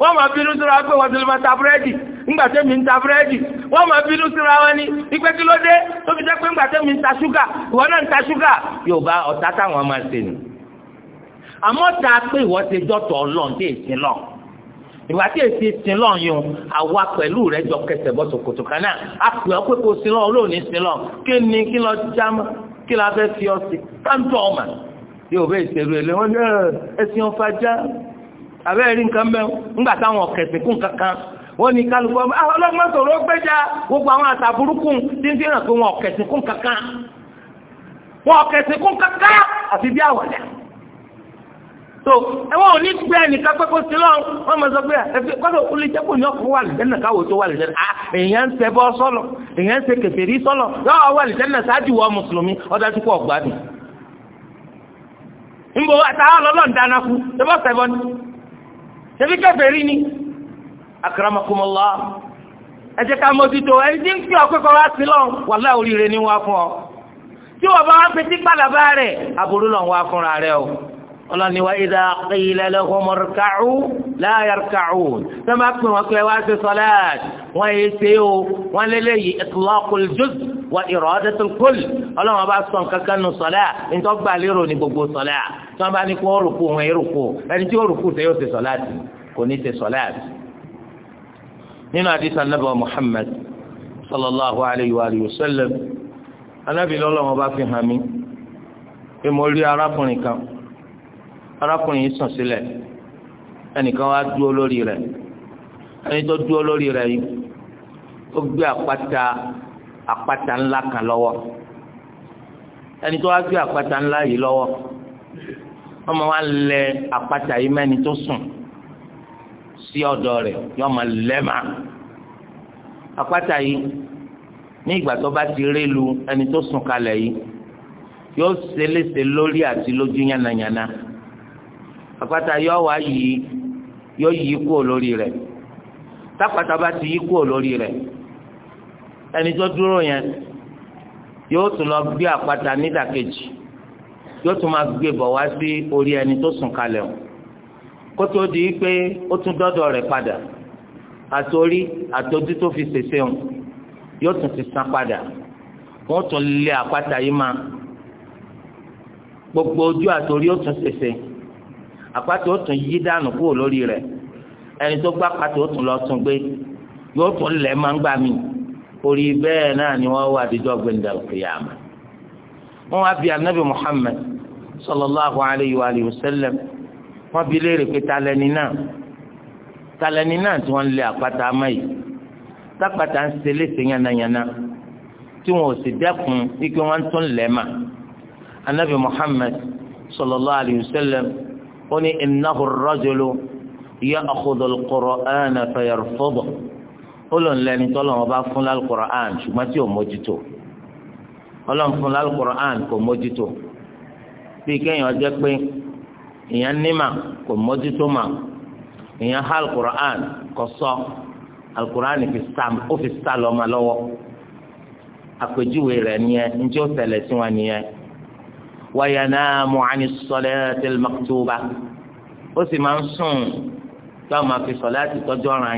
Speaker 1: wọ́n ma bínú síra pé wọ́n ti lè ma ta búrẹ́dì ńgbà tẹ́mi ń ta búrẹ́dì wọ́n ma bínú síra wọn ni ìpè kí ló dé tó fi jẹ́ pé ń ta ṣúgà ìwọ náà ń ta ṣúgà yóò bá ọ̀tá táwọn máa ṣe nù. àmọ́ ta pé ìwọ ti dọ́tọ̀ ọlọ́run tí èsì lọ ìwà tí èsì lọ yun àwa pẹ̀lú rẹ jọ kẹsẹ̀ bọ́ lọ olóòní lọ kí ni kí lọ kí la fẹ́ fi ọ sí àbẹ́rẹ́ rí nǹkan mẹ́wọ́ ńgbà táwọn ọ̀kẹ̀sìn kún kankan wọ́n ni kálukọ́ ah, ọlọ́gbọ́n sọ̀rọ̀ ó gbẹ́jà gbogbo àwọn àṣà burúkú tí ń fi pé wọn ọ̀kẹ̀sìn kún kankan wọn ọ̀kẹ̀sìn kún kankan àfi bí àwàdà so ẹwọ́n ò ní gbé ẹnìkan pé kó sí lọ́n wọ́n mọ̀ sọ pé ẹ̀fí kọ́dọ̀ olè jẹ́ kò ní ọkùnrin wà lẹ́nà káwò tó wà lẹ́nà ah, èèyàn ń ṣẹbọ sọ́lọ̀ èèyàn ń ṣe kèfèrí sọ́lọ̀ yọ́ọ̀ wà lẹ́nà mùsùlùmí ọ̀dà tó kọ́ ń bọ̀ àtàwọn dáná kú ṣebí kèfèrí ni akramakumullah ẹ jẹ́ ká mójútó ẹni tí ń fi ọ̀pẹ́kọ̀ wá sí lọ wàlá oríire ni wá fún ọ tí wọ́n bá wá fetí pàlàbà rẹ̀ aburú lọ́n wá fúnra rẹ̀ o ọlọ́ni wa idha qila lahum irka'u wọ́n pé wá sí sọ́láàt wọ́n yé ṣe o wọ́n lélẹ́yìí itlaqul juz'i wa iradatul kull ọlọ́run ọba sọ nǹkan kan nù sọ̀lá nítorí ọgbà lérò ní gbogbo sọ̀lá tí wọ́n bá ní kó rùkú wọn èrùkú ẹni tí ó rùkú tẹ yóò ṣe sọ̀lá tì kò ní ṣe sọ̀lá tì. nínú àdìsá nàbà Muhammad sallallahu alayhi wa sallam anábì lọ́lọ́run ọba fi hàn mí pé mo rí arákùnrin kan arákùnrin yìí sàn sílẹ̀ ẹnìkan wá dúró lórí rẹ̀ ẹni tó dúró lórí rẹ̀ yìí ó gbé àpáta àpáta ńlá kan lọ́wọ́ ẹni tó wá gbé àpáta ńlá yìí lọ́wọ́ ọmọ wa lẹ àpáta yìí mẹ́ni tó sùn sí ọ̀dọ̀ rẹ̀ yọ ma lẹ́mà àpáta yìí ní ìgbà tó bá ti rí lu ẹni tó sùn kalẹ̀ yìí yóò ṣeléṣe lórí àti lójú yánnayànna àpáta yóò wá yìí yóò yí kúò lórí rẹ̀ tápàtà bá ti yí kúò lórí rẹ̀ ẹni tó dúró yẹn yóò tún lọ gbé àpáta nídàkejì yóò tún máa gbé bọ̀ wá sí orí ẹni tó sùn kalẹ̀ o kótó di pé ó tún dọ́dọ̀ rẹ̀ padà àtòrí àtòjú tó fi ṣèṣe o yóò tún ti san padà wọ́n tún lé àpáta yìí máa gbogbo ojú àtòrí ó tún ṣèṣe àpáta ó tún yí dànù kúrò lórí rẹ̀ ẹni tó gbá àpáta ó tún lọ tún gbé yóò tún lẹ̀ máa ń gbà míì orí bẹ́ẹ̀ náà ni wọ́n wà dídọ́ gbẹ̀ndàlù kìyàmà wọ́n wá bí anabi muhammed sallallahu alayhi wa sallam wọ́n bi léèrè pé talẹ́ni náà talẹ́ni náà tí wọ́n lé àpáta amáyé tápàtà ń ṣe léṣe yánnayànna tí wọn ò sì dẹ́kun wípé wọ́n tún lẹ̀ anabi muhammed sallallahu alayhi wa sallam ó ní innahu rajulu ya'khudhu al-Qur'ana fayarfuduhu. ó lẹni tọ́lọ̀ wọn bá fún lálùkùránì ṣùgbọ́n tí ò mójútó ọlọ́run fún lálùkùránì kò mójútó bíi kéèyàn jẹ́ pé ìyẹn nímà kò mójútó mà ìyẹn há lùkùránì kò sọ alùkùránì ó fi sá lọ́mọ lọ́wọ́ àpèjúwe rẹ̀ nìyẹn njẹ́ ó ṣẹlẹ̀ sí wọn nìyẹn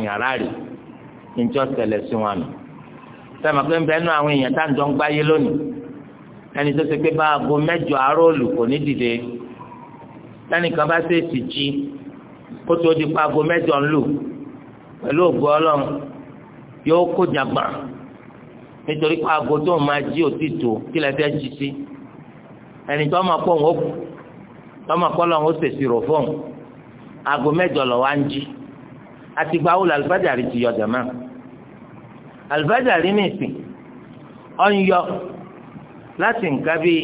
Speaker 1: wayanamu ó níjọ́ tẹ̀lẹ̀ sí wọn nù sẹ́mi pé ń bẹ́ẹ̀ nú àwọn èèyàn tá à ń jọ ń gbáyé lónìí ẹni tó ti pé bá aago mẹ́jọ àárọ̀ òlù kò ní dìde lẹ́nìkan bá ṣèèṣì jí kó tó di pa aago mẹ́jọ ń lù ògbó ọlọ́run yóò kó jàgbà nítorí pé aago tó máa jí òtítọ́ kí lẹ́tẹ̀ jí sí ẹni tó máa pọ̀ ń ó tọ́mọ̀ kọ́ lọ́run ó ṣèṣirò fóun aago mẹ́jọ lọ́wọ́ á ń jí àtìgbà wo làlùfájàrí ti yọ jàmá àlùfájàrí nìsín ó ń yọ láti nǹkan bíi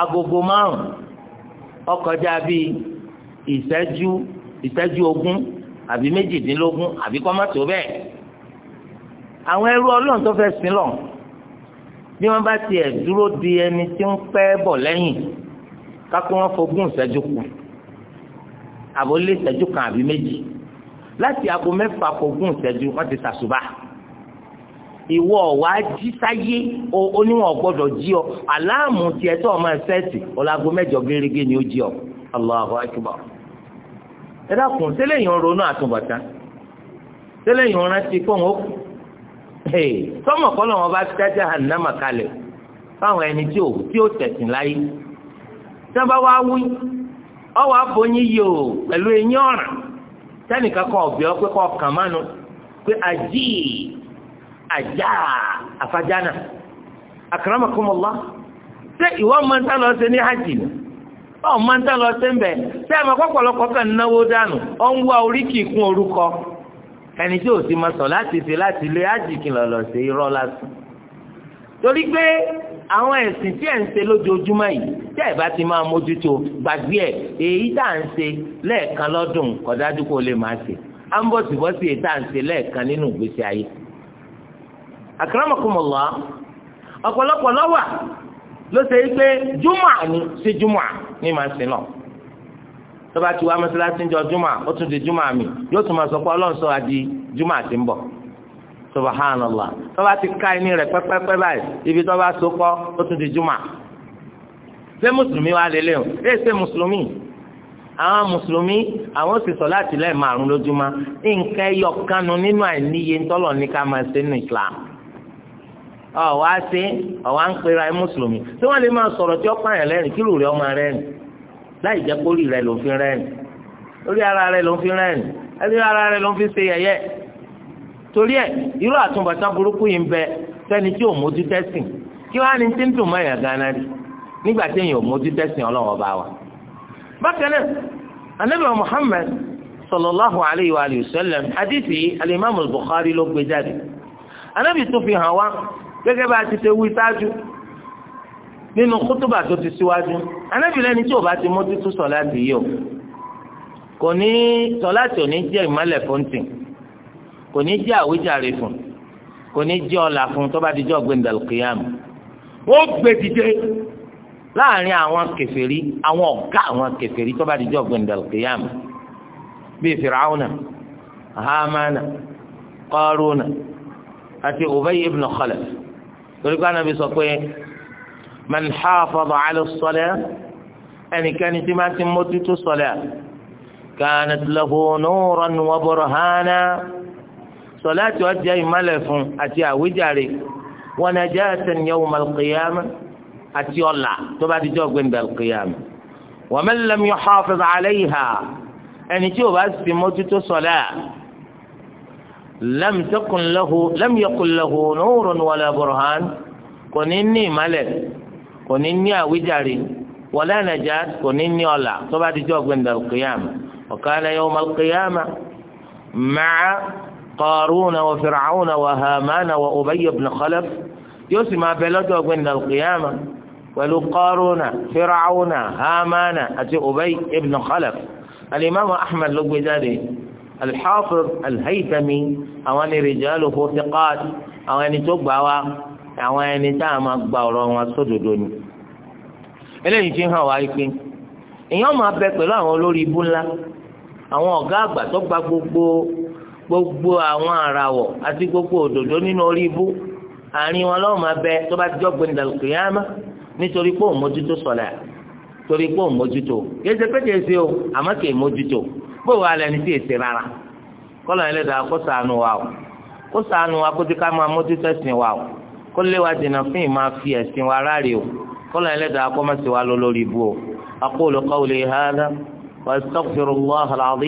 Speaker 1: agogo márùn ó kọjá bíi ìṣẹ́jú ìṣẹ́jú ogún àbí méjìdínlógún àbí kọ́mọ́tò bẹ́ẹ̀ àwọn ẹrú ọlọ́run tó fẹ́ sin lọ bí wọ́n bá tiẹ̀ dúró di ẹni tí ń pẹ́ bọ̀ lẹ́yìn kápẹ́ wọn fogún ìṣẹ́jú kù àbólé ìṣẹ́jú kan àbí méjì. láti aago mẹ́fà ogún ìṣẹ́jú wọ́n ti ṣàṣùbà ìwọ wàá jí sáyé oníwọ̀n jí ọ aláàmù ti ẹ̀tọ́ ọmọ ẹ̀sẹ̀tì ọ̀làgó mẹ́jọ gẹ́gẹ́ ni ó jí ọ Allahu akbar ẹ dákun tẹ́lẹ̀ yìí ń ronú àtúbọ̀tán tẹ́lẹ̀ yìí ń rántí fóun ó kọlọ wọn bá kalẹ̀ fáwọn ẹni tí ò tí ò tẹ̀sìn láyé bá wá wí ọwọ́ yìí sẹ́nìkan kọ́ ọ̀bẹ ọ pé kọ́ kàn mánu pé àjí àjá àfajánà akramakumullah ṣé ìwọ máa lọ sí ní hajj ni ọ máa lọ sí ń bẹ ṣé ẹ máa kọ́kọ́lọ́kọ́ náwó dànù ọ ń wá oríkì kún orúkọ ẹni tí ò sì máa sọ láti ṣe láti ilé hajj kìlọ̀ lọ sí irọ́ lásán torí pé àwọn ẹ̀sìn tí ẹ̀ ń ṣe lójoojúmọ́ yìí tí ẹ̀ bá ti máa mójútó gbàgbé ẹ̀ èyí tá à ń ṣe lẹ́ẹ̀kan lọ́dún kọ̀dájú kó lè máa ṣe á ń bọ̀ síbọ̀ sí èyí tá à ń se lẹ́ẹ̀kan nínú ìgbésí ayé. àkàràmọ̀kùmọ̀lá ọ̀pọ̀lọpọ̀ lọ́wà ló ṣe pé júmọ̀ ni sí júmọ̀ ni màá ṣe náà tọ́ba ti wá mọ́ṣáláṣí ń jọ júmọ̀ ó tún di júmọ̀ mi yóò tún máa sọ pé ọlọ́run sọ subahánàlá tọ́ba ti ká ẹni rẹ̀ pẹ́pẹ́pẹ́ báyìí ibi tọ́ba so kọ́ ó tún di juma ṣé mùsùlùmí wa lélẹ̀ o ẹ ṣe mùsùlùmí àwọn mùsùlùmí àwọn sì sọ láti lẹ́ẹ̀ márùn lójúmọ́ nǹkan ẹyọ kanu nínú àìníye ńtọ́lọ̀ ní ká máa ṣe ní Islam ọ̀wá ṣe ọ̀wá ń pera ẹ mùsùlùmí tí wọ́n lè máa sọ̀rọ̀ tí ó pààyàn lẹ́rìn kí lóore ọmọ rẹ̀ rìn láì jẹ́ kórìí rẹ̀ ló fi rẹ́rìn lórí ara rẹ̀ ló fi rẹ́rìn lórí ara rẹ̀ ló fi ṣe yẹ̀yẹ́ torí ẹ irú àtúbọ̀tán burúkú yìí ń bẹ sẹ́ni tí ò mójú tẹ́sìn kí wàá ní tí ń dùn mọ́ èèyàn gánà rí nígbà tí èèyàn ò mójú tẹ́sìn ọlọ́wọ́ bá wa. bákan náà anabi muhammed sallallahu alayhi wa sallam hadithi alimami bukhari ló gbé jáde anabi tó fi hàn wá gẹ́gẹ́ bá a ti ṣe wí sáájú nínú kútùbà tó ti síwájú anabi lẹ́ni tí ò bá ti mójú tó sọ̀láàtì yìí o kò ní sọ̀láàtì ò ní jẹ́ ìmọ̀lẹ̀ fóńtìn kò ní jẹ́ àwíjàre fún kò ní jẹ́ ọlà fún tó bá di jọ́ gbẹndàlùkìyàmù ó gbé dìde láàrin àwọn kèfèrí àwọn ọ̀gá àwọn kèfèrí tó bá di jọ́ gbẹndàlùkìyàmù bíi fìràwùnà hamana kọrùnà àti ubayi ibn khalaf torí pé anabi sọ pé man hafaza ala as-salah tí máa ti mójútó sọlẹ kanat lahu wa burhana sọláàtì wa jẹ́ ìmálẹ̀ fún àti àwíjàre wọn ẹ̀jẹ̀ ẹ̀sẹ̀ ní yawm al-qiyamah àti ọ̀là tó bá ti jọ́ gbẹ̀ndẹ̀ al-qiyamah wa man lam yuhafiz alayha ẹni tí o bá sì mójútó sọlá lam takun lahu lam yakun lahu nurun wala kò ní ní ìmálẹ̀ kò ní ní àwíjàre wala najat kò ní ní ọ̀là قارون وفرعون وهامان وأبي بن خلف يسمى بلده من القيامة ولو قارون فرعون هامان أتي أبي بن خلف الإمام أحمد لقبداري الحافظ الهيثمي أواني رجاله ثقات أواني تقبعوا أواني تاما قبعوا وصددوني eléyìí fi hàn wá ipe èèyàn máa bẹ pẹ̀lú àwọn olórí àgbà tó gba gbogbo gbogbo àwọn àràwọ̀ àti gbogbo òdòdó nínú orí ibú àárín wọn lọ́wọ́ máa bẹ tó bá ti jọ́ gbẹ̀ndà kìyàmá nítorí pé òun mójútó torí pé òun mójútó pété ṣe o àmọ́ kì í mójútó bó o kó wa kó ti ká máa mójútó wa o kó lé wa dènà fún wa ráre o kọ́lọ̀ kó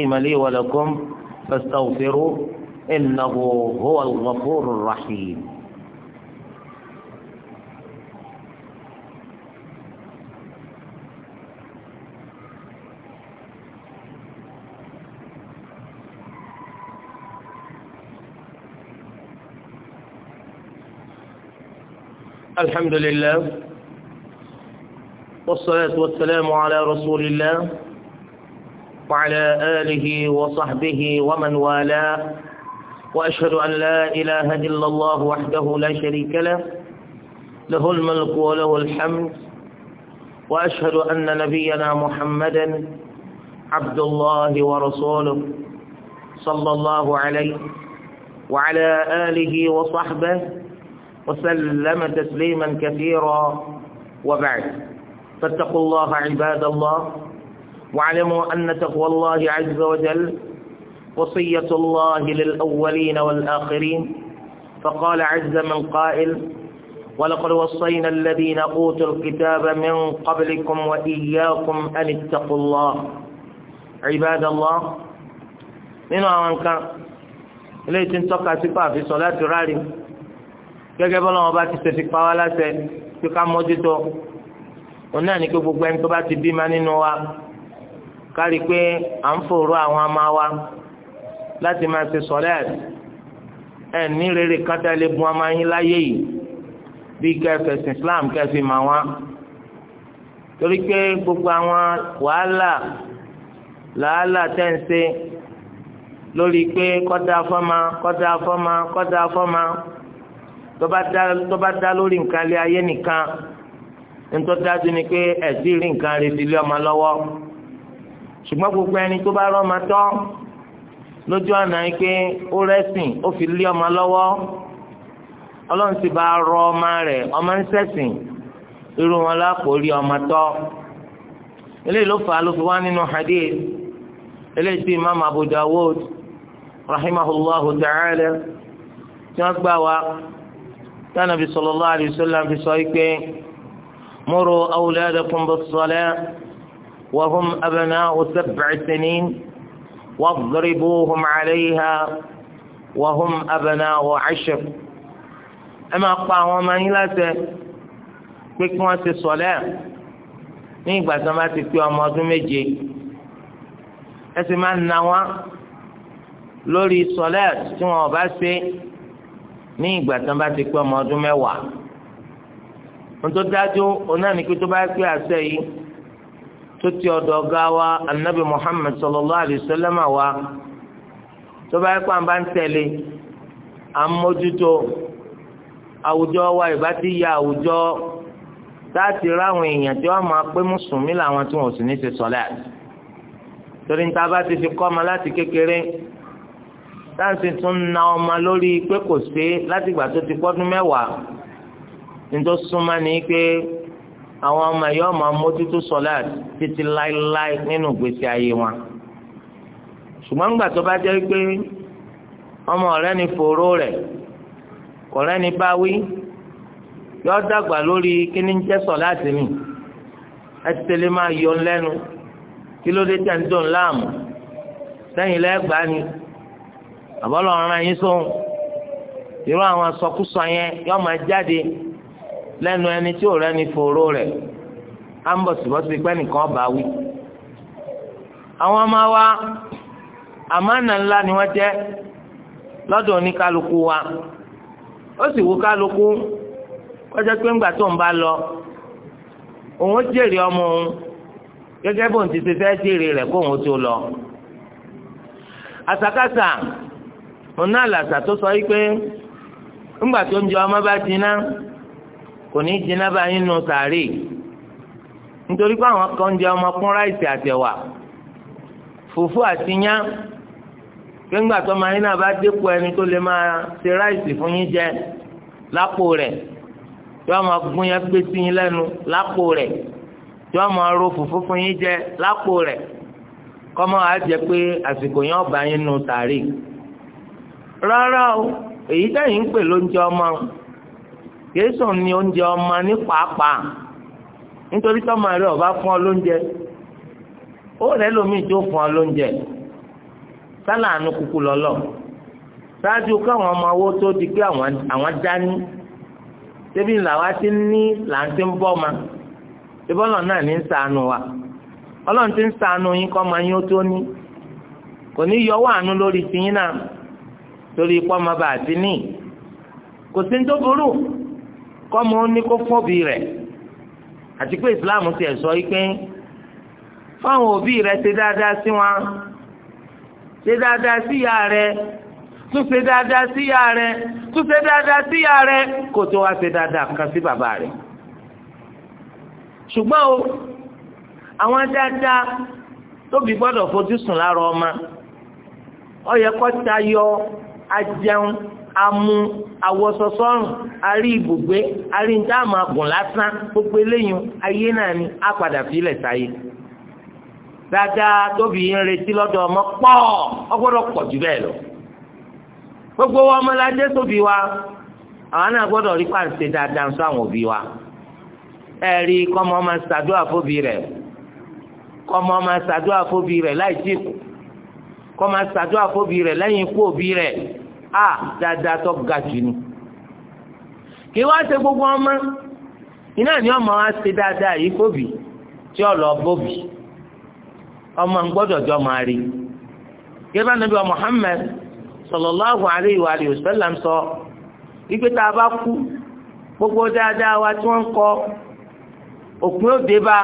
Speaker 1: má lọ o فاستغفروا إنه هو الغفور الرحيم الحمد لله والصلاة والسلام على رسول الله وعلى آله وصحبه ومن والاه وأشهد أن لا إله إلا الله وحده لا شريك له له الملك وله الحمد وأشهد أن نبينا محمدا عبد الله ورسوله صلى الله عليه وعلى آله وصحبه وسلم تسليما كثيرا وبعد فاتقوا الله عباد الله واعلموا أن تقوى الله عز وجل وصية الله للأولين والآخرين فقال عز من قائل ولقد وصينا الذين أوتوا الكتاب من قبلكم وإياكم أن اتقوا الله عباد الله nínú àwọn nǹkan eléyìí tí ń tọ́ka sí pàfi sọ̀láàtì rárí gẹ́gẹ́ bọ́lá wọn bá ti ṣe fi pa wá láṣẹ pé ká mójútó òun náà ní pé gbogbo ẹni tó bá ti bímọ nínú wa kárí pé à ń fòrò àwọn ọmọ wa láti máa ṣe sọ̀rẹ́ ẹ̀ ní rere kátà lè bu ọmọ yín láyé yìí bíi kẹfẹsì Islam kẹfì mà wọn torí pé gbogbo àwọn wàhálà làálà tẹ̀ ń ṣe lórí pé kọ́dà fọ́mà kọ́dà fọ́mà kọ́dà fọ́mà tó bá dá lórí nǹkan lé ayé nìkan nítorí dájú ni pé ẹ̀sìn rí nǹkan retí lé ọmọ lọ́wọ́ ṣùgbọ́n gbogbo ẹni tó bá rọ́ọ̀mà tọ́ lójú ọ̀nà yìí pé ó rẹ́sìn ó fi lé ọmọ lọ́wọ́ ọlọ́run sì bá rọ ọmọ rẹ̀ ọmọ ń sẹ̀sìn irú wọn lápò rí ọmọ tọ́ eléyìí ló fà á ló fi wá nínú hadith eléyìí tí imam abu dawud rahimahullahu ta'ala tí wọ́n gbà wá tánàbí sallallahu alaihi fi sọ yìí pé muru awladakum bis-salah. وهم أبناء سبع سنين واضربوهم عليها وهم أبناء عشر أما قام من لا تكون الصلاة ní ìgbà tí wọn bá ti pé ọmọ ọdún méje ẹ sì máa na wọn lórí sọlẹt tí wọn bá ṣe ní ìgbà tí wọn bá ti pé ọmọ ọdún mẹ́wàá ohun tó dájú onáníkú tó bá pé àṣẹ yìí tó ti gawa wa anabi muhammed sallallahu alayhi wa sallam wa tó bá yẹ kó à bá ń tẹ̀lé à ń mójútó àwùjọ wa ìbá ti ya àwùjọ láti ráwọn èèyàn tí wọ́n máa pé mùsùlùmí làwọn tí wọ́n sì ní ṣe sọ̀lẹ́ àti torí níta bá ti fi kọ́ ọmọ láti kékeré táǹsì tún na ọmọ lórí pé kò sí látìgbà tó ti pọ́dún mẹ́wàá àwọn ọmọ yìí ọmọ mójútó sọlá títí láéláé nínú ìgbésí ayé wọn ṣùgbọ́n nígbà bá jẹ́ pé ọmọ ọ̀rẹ́ ni fòró rẹ̀ ọ̀rẹ́ ni báwí yọ dàgbà lórí kíní jẹ́ sọlá tìmí ẹ ti tẹ́lẹ̀ máa yọ lẹ́nu kí ló dé tẹ̀ ń dùn láàmú sẹ́yìn lẹ́gbàá ni àbọ̀lọ̀ ọ̀ràn yín sóhun irú àwọn sọkúsọ yẹn yọ máa jáde. lẹnu ẹni tí ò rẹ́ni fòró rẹ̀ á ń bọ̀ nìkan bá wí. àwọn ọmọ wa àmánà ńlá ni wọ́n jẹ́ lọ́dọ̀ oníkálukú wa ó sì wú kálukú kọjá pé ńgbà tó ń bá lọ òun ó jèrè ọmọ òun gẹ́gẹ́ bó ń ti ṣe fẹ́ jèrè rẹ̀ kó lọ. òun náà làṣà tó sọ pé ńgbà tó kò ní jiná báyìí nù sàárè nítorí pé àwọn kan jẹ ọmọ kún ráìsì àtẹwà fùfú àti yán gbẹ́ngbà tó máa yín náà bá dépò ẹni tó lè máa ṣe ráìsì fún yín jẹ lápò rẹ̀ yọ máa gún yẹn gbé sí yín lẹ́nu lápò rẹ̀ yọ máa ro fùfú fún yín jẹ lápò rẹ̀ kọ́mọ́ á pé àsìkò yẹn ọba yín nù sàárè rárá o èyí táyì ń pè lóúnjẹ ọmọ kèésù ni oúnjẹ ọmọ ní pàápàá nítorí tọ́mọ rẹ ọba fún ọ lóúnjẹ ó rẹ lómii tó fún ọ lóúnjẹ sálà àánú kúkú lọlọ ṣáájú káwọn ọmọ owó tó di pé àwọn dání débi làwa ti ní là ń ti ń bọ́ ma ìbọ́lọ̀ náà ní ń wa ti ń yín ma yín ó tó ní kò ní yọ lórí náà torí ipò ọmọ kọ́mọ ó ní kó fọ́bi rẹ̀ àti pé ìsìláàmù tiẹ̀ sọ yìí pé fáwọn òbí rẹ̀ ṣe dáadáa sí wọn ṣe dáadáa sí ìyá rẹ̀ tún ṣe dáadáa sí ìyá rẹ̀ tún ṣe dáadáa sí ìyá rẹ̀ kó tó wá ṣe dáadáa kan sí bàbá rẹ̀ ṣùgbọ́n o àwọn dáadáa tóbi gbọ́dọ̀ fojú sùn lára ọmọ ó yẹ kó tayọ ajẹun amú awọsọsọrùn arí ibùgbé arí ní táàmù agùn lásán gbogbo eléyìí ayé náà ni á padà sílẹ̀ sáyé dáadáa tóbi ń retí lọ́dọ̀ ọmọ pọ̀ ọgbọ́dọ̀ pọ̀ jù bẹ́ẹ̀ lọ gbogbo ọmọládé tóbi wa àwọn náà gbọ́dọ̀ rí pàǹsẹ̀ dáadáa sọ àwọn òbí wa ẹ rí kọ́mọ fóbi rẹ̀ kọ́mọ fóbi a dáadáa tó ga jù ni kí gbogbo ọmọ iná ni ọmọ wa ṣe dáadáa yìí fòbí tí ó lọ bóbí ọmọ ń gbọ́dọ̀ jọ máa rí gẹ́gẹ́ nàbí wa Muhammad sallallahu alayhi wa alihi wa sallam sọ ìgbé tá a bá kú gbogbo dáadáa wa tí wọ́n ń kọ òpin òde bá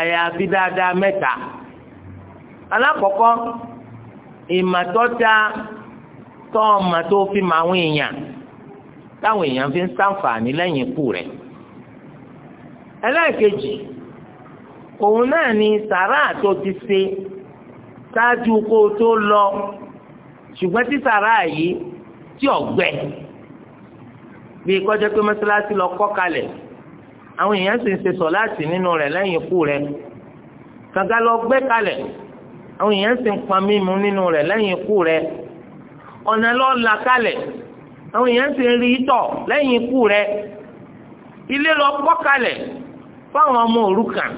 Speaker 1: àyàfi dáadáa mẹ́ta alákọ̀ọ́kọ́ tọ́ọ̀mà tó fi mọ àwọn èèyàn táwọn èèyàn fi ń ṣàǹfààní lẹ́yìn ikú rẹ̀ ẹlẹ́ẹ̀kejì òun náà ni sàrà tó ti ṣe ṣáájú kó o tó lọ ṣùgbọ́n tí sàrà yìí tí ọ̀gbẹ bí kọjá pé mọ́sálásí lọ kọ́ kalẹ̀ àwọn èèyàn sì ń ṣe sọ láti nínú rẹ̀ lẹ́yìn ikú rẹ̀ kàgá lọ gbẹ́ kalẹ̀ àwọn èèyàn sì ń pa mímu nínú rẹ̀ lẹ́yìn ikú rẹ̀ ọ̀nà lọ́la kalẹ̀ àwọn èèyàn ti rí tọ̀ lẹ́yìn ikú ilé lọ kọ́ kalẹ̀ fáwọn ọmọ òrukàn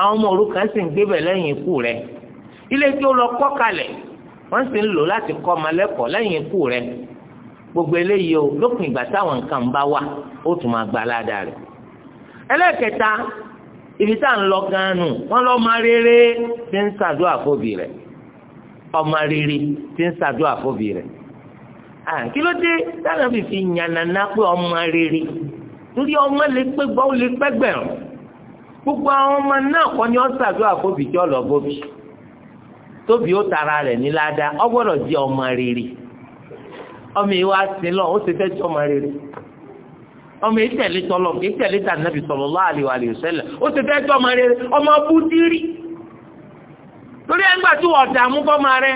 Speaker 1: àwọn ọmọ òrukàn sì ń gbébẹ̀ lẹ́yìn ikú rẹ̀ ilé tí ó lọ kọ́ kalẹ̀ wọ́n sì ń lò láti kọ́ ọmọ lẹ́kọ̀ọ́ lẹ́yìn ikú gbogbo eléyìí o lópin ìgbà táwọn nǹkan ń bá wà ó tún máa gba ibi rere ṣe ń ṣàdúrà fóbi rẹ̀ ọmọ rere tí ń ṣàdúrà fóbi rẹ̀ kí ló dé dáná fi fi yànnàná pé ọmọ rere torí ọmọ lè pé gbọ́ lè pẹ́ gbogbo àwọn ọmọ ni ó ṣàdúrà fóbi tí ó bóbi tóbi ó tara rẹ̀ ní ládàá ó gbọ́dọ̀ jẹ́ ọmọ rere ọmọ yìí wá sí lọ ó ti fẹ́ jẹ́ ọmọ rere ọmọ yìí tẹ̀lé tọlọ kì í tẹ̀lé torí ẹgbà tí wọ́n dààmú fọ́mọ rẹ